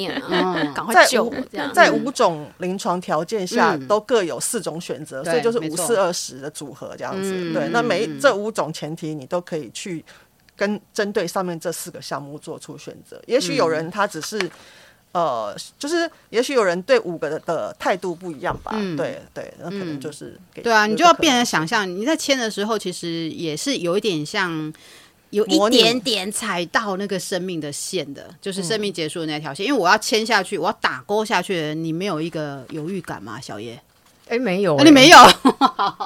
趕快救。這、嗯、樣在五，、嗯、在五種臨床條件下、嗯、都各有四種選擇，所以就是五四二十的組合這樣子。對，對那每這五種前提你都可以去跟針對上面這四個項目做出選擇、嗯。也許有人他只是。呃，就是也許有人對五個的態度不一樣吧，嗯、對對，那可能就是給、嗯、對啊，你就要變成想象。你在簽的時候，其實也是有一點像，有一點點踩到那個生命的線的，就是生命結束的那條線、嗯。因為我要簽下去，我要打勾下去，你沒有一個猶豫感嗎，小曄？哎、欸，沒有、欸啊，你沒有。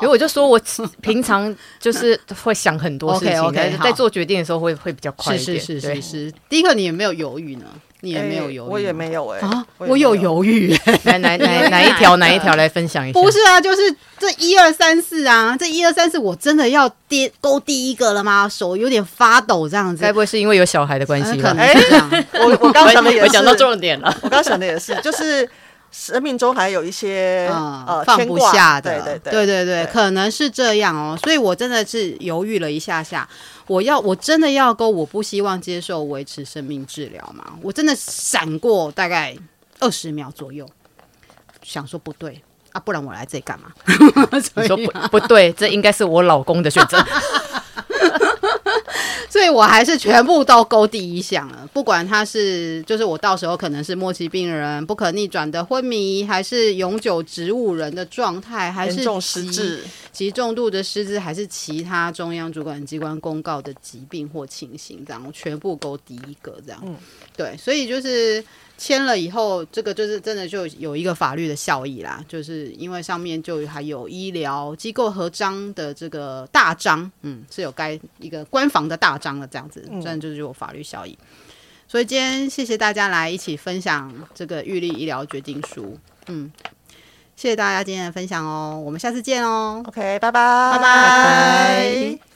因 [laughs] 為 [laughs] 我就說我平常就是會想很多事情 [laughs] ，OK，, okay 在做決定的時候會會比較快一點。是是是是，是，是，第一個你也沒有猶豫呢。你也沒有猶豫、欸，我也沒有哎、欸、啊！我有猶豫， [laughs] 哪哪哪哪一條？哪一條來分享一下？不是啊，就是這一二三四啊！這一二三四，我真的要跌勾第一個了嗎？手有點發抖，這樣子。該不會是因為有小孩的關係吧？欸可能是這樣欸、我我剛想的也是，想 [laughs] 到重點了。我剛想的也是，就是生命中還有一些、嗯、呃放不下的，對對對對，對，對，對，對，可能是這樣哦。所以我真的是猶豫了一下下。我要，我真的要勾我不希望接受維持生命治療嗎？我真的閃過大概二十秒左右，想說不對啊，不然我來這裡幹嘛？想 [laughs] 說不， [laughs] 不，不對，這應該是我老公的選擇。 [laughs] [laughs] 所以我還是全部都勾第一項了，不管他是就是我到時候可能是末期病人、不可逆轉的昏迷，還是永久植物人的狀態，還是極、極重度的失智，還是其他中央主管機關公告的疾病或情形，這樣全部勾第一個這樣。對，所以就是。簽了以後，這個就是真的就有一個法律的效益啦，就是因為上面就還有醫療機構合章的這個大章，嗯，是有蓋一個官方的大章的這樣子，這樣就是有法律效益，嗯。所以今天謝謝大家來一起分享這個預立醫療決定書，嗯，謝謝大家今天的分享哦，我們下次見哦，OK，拜拜，拜拜。Bye bye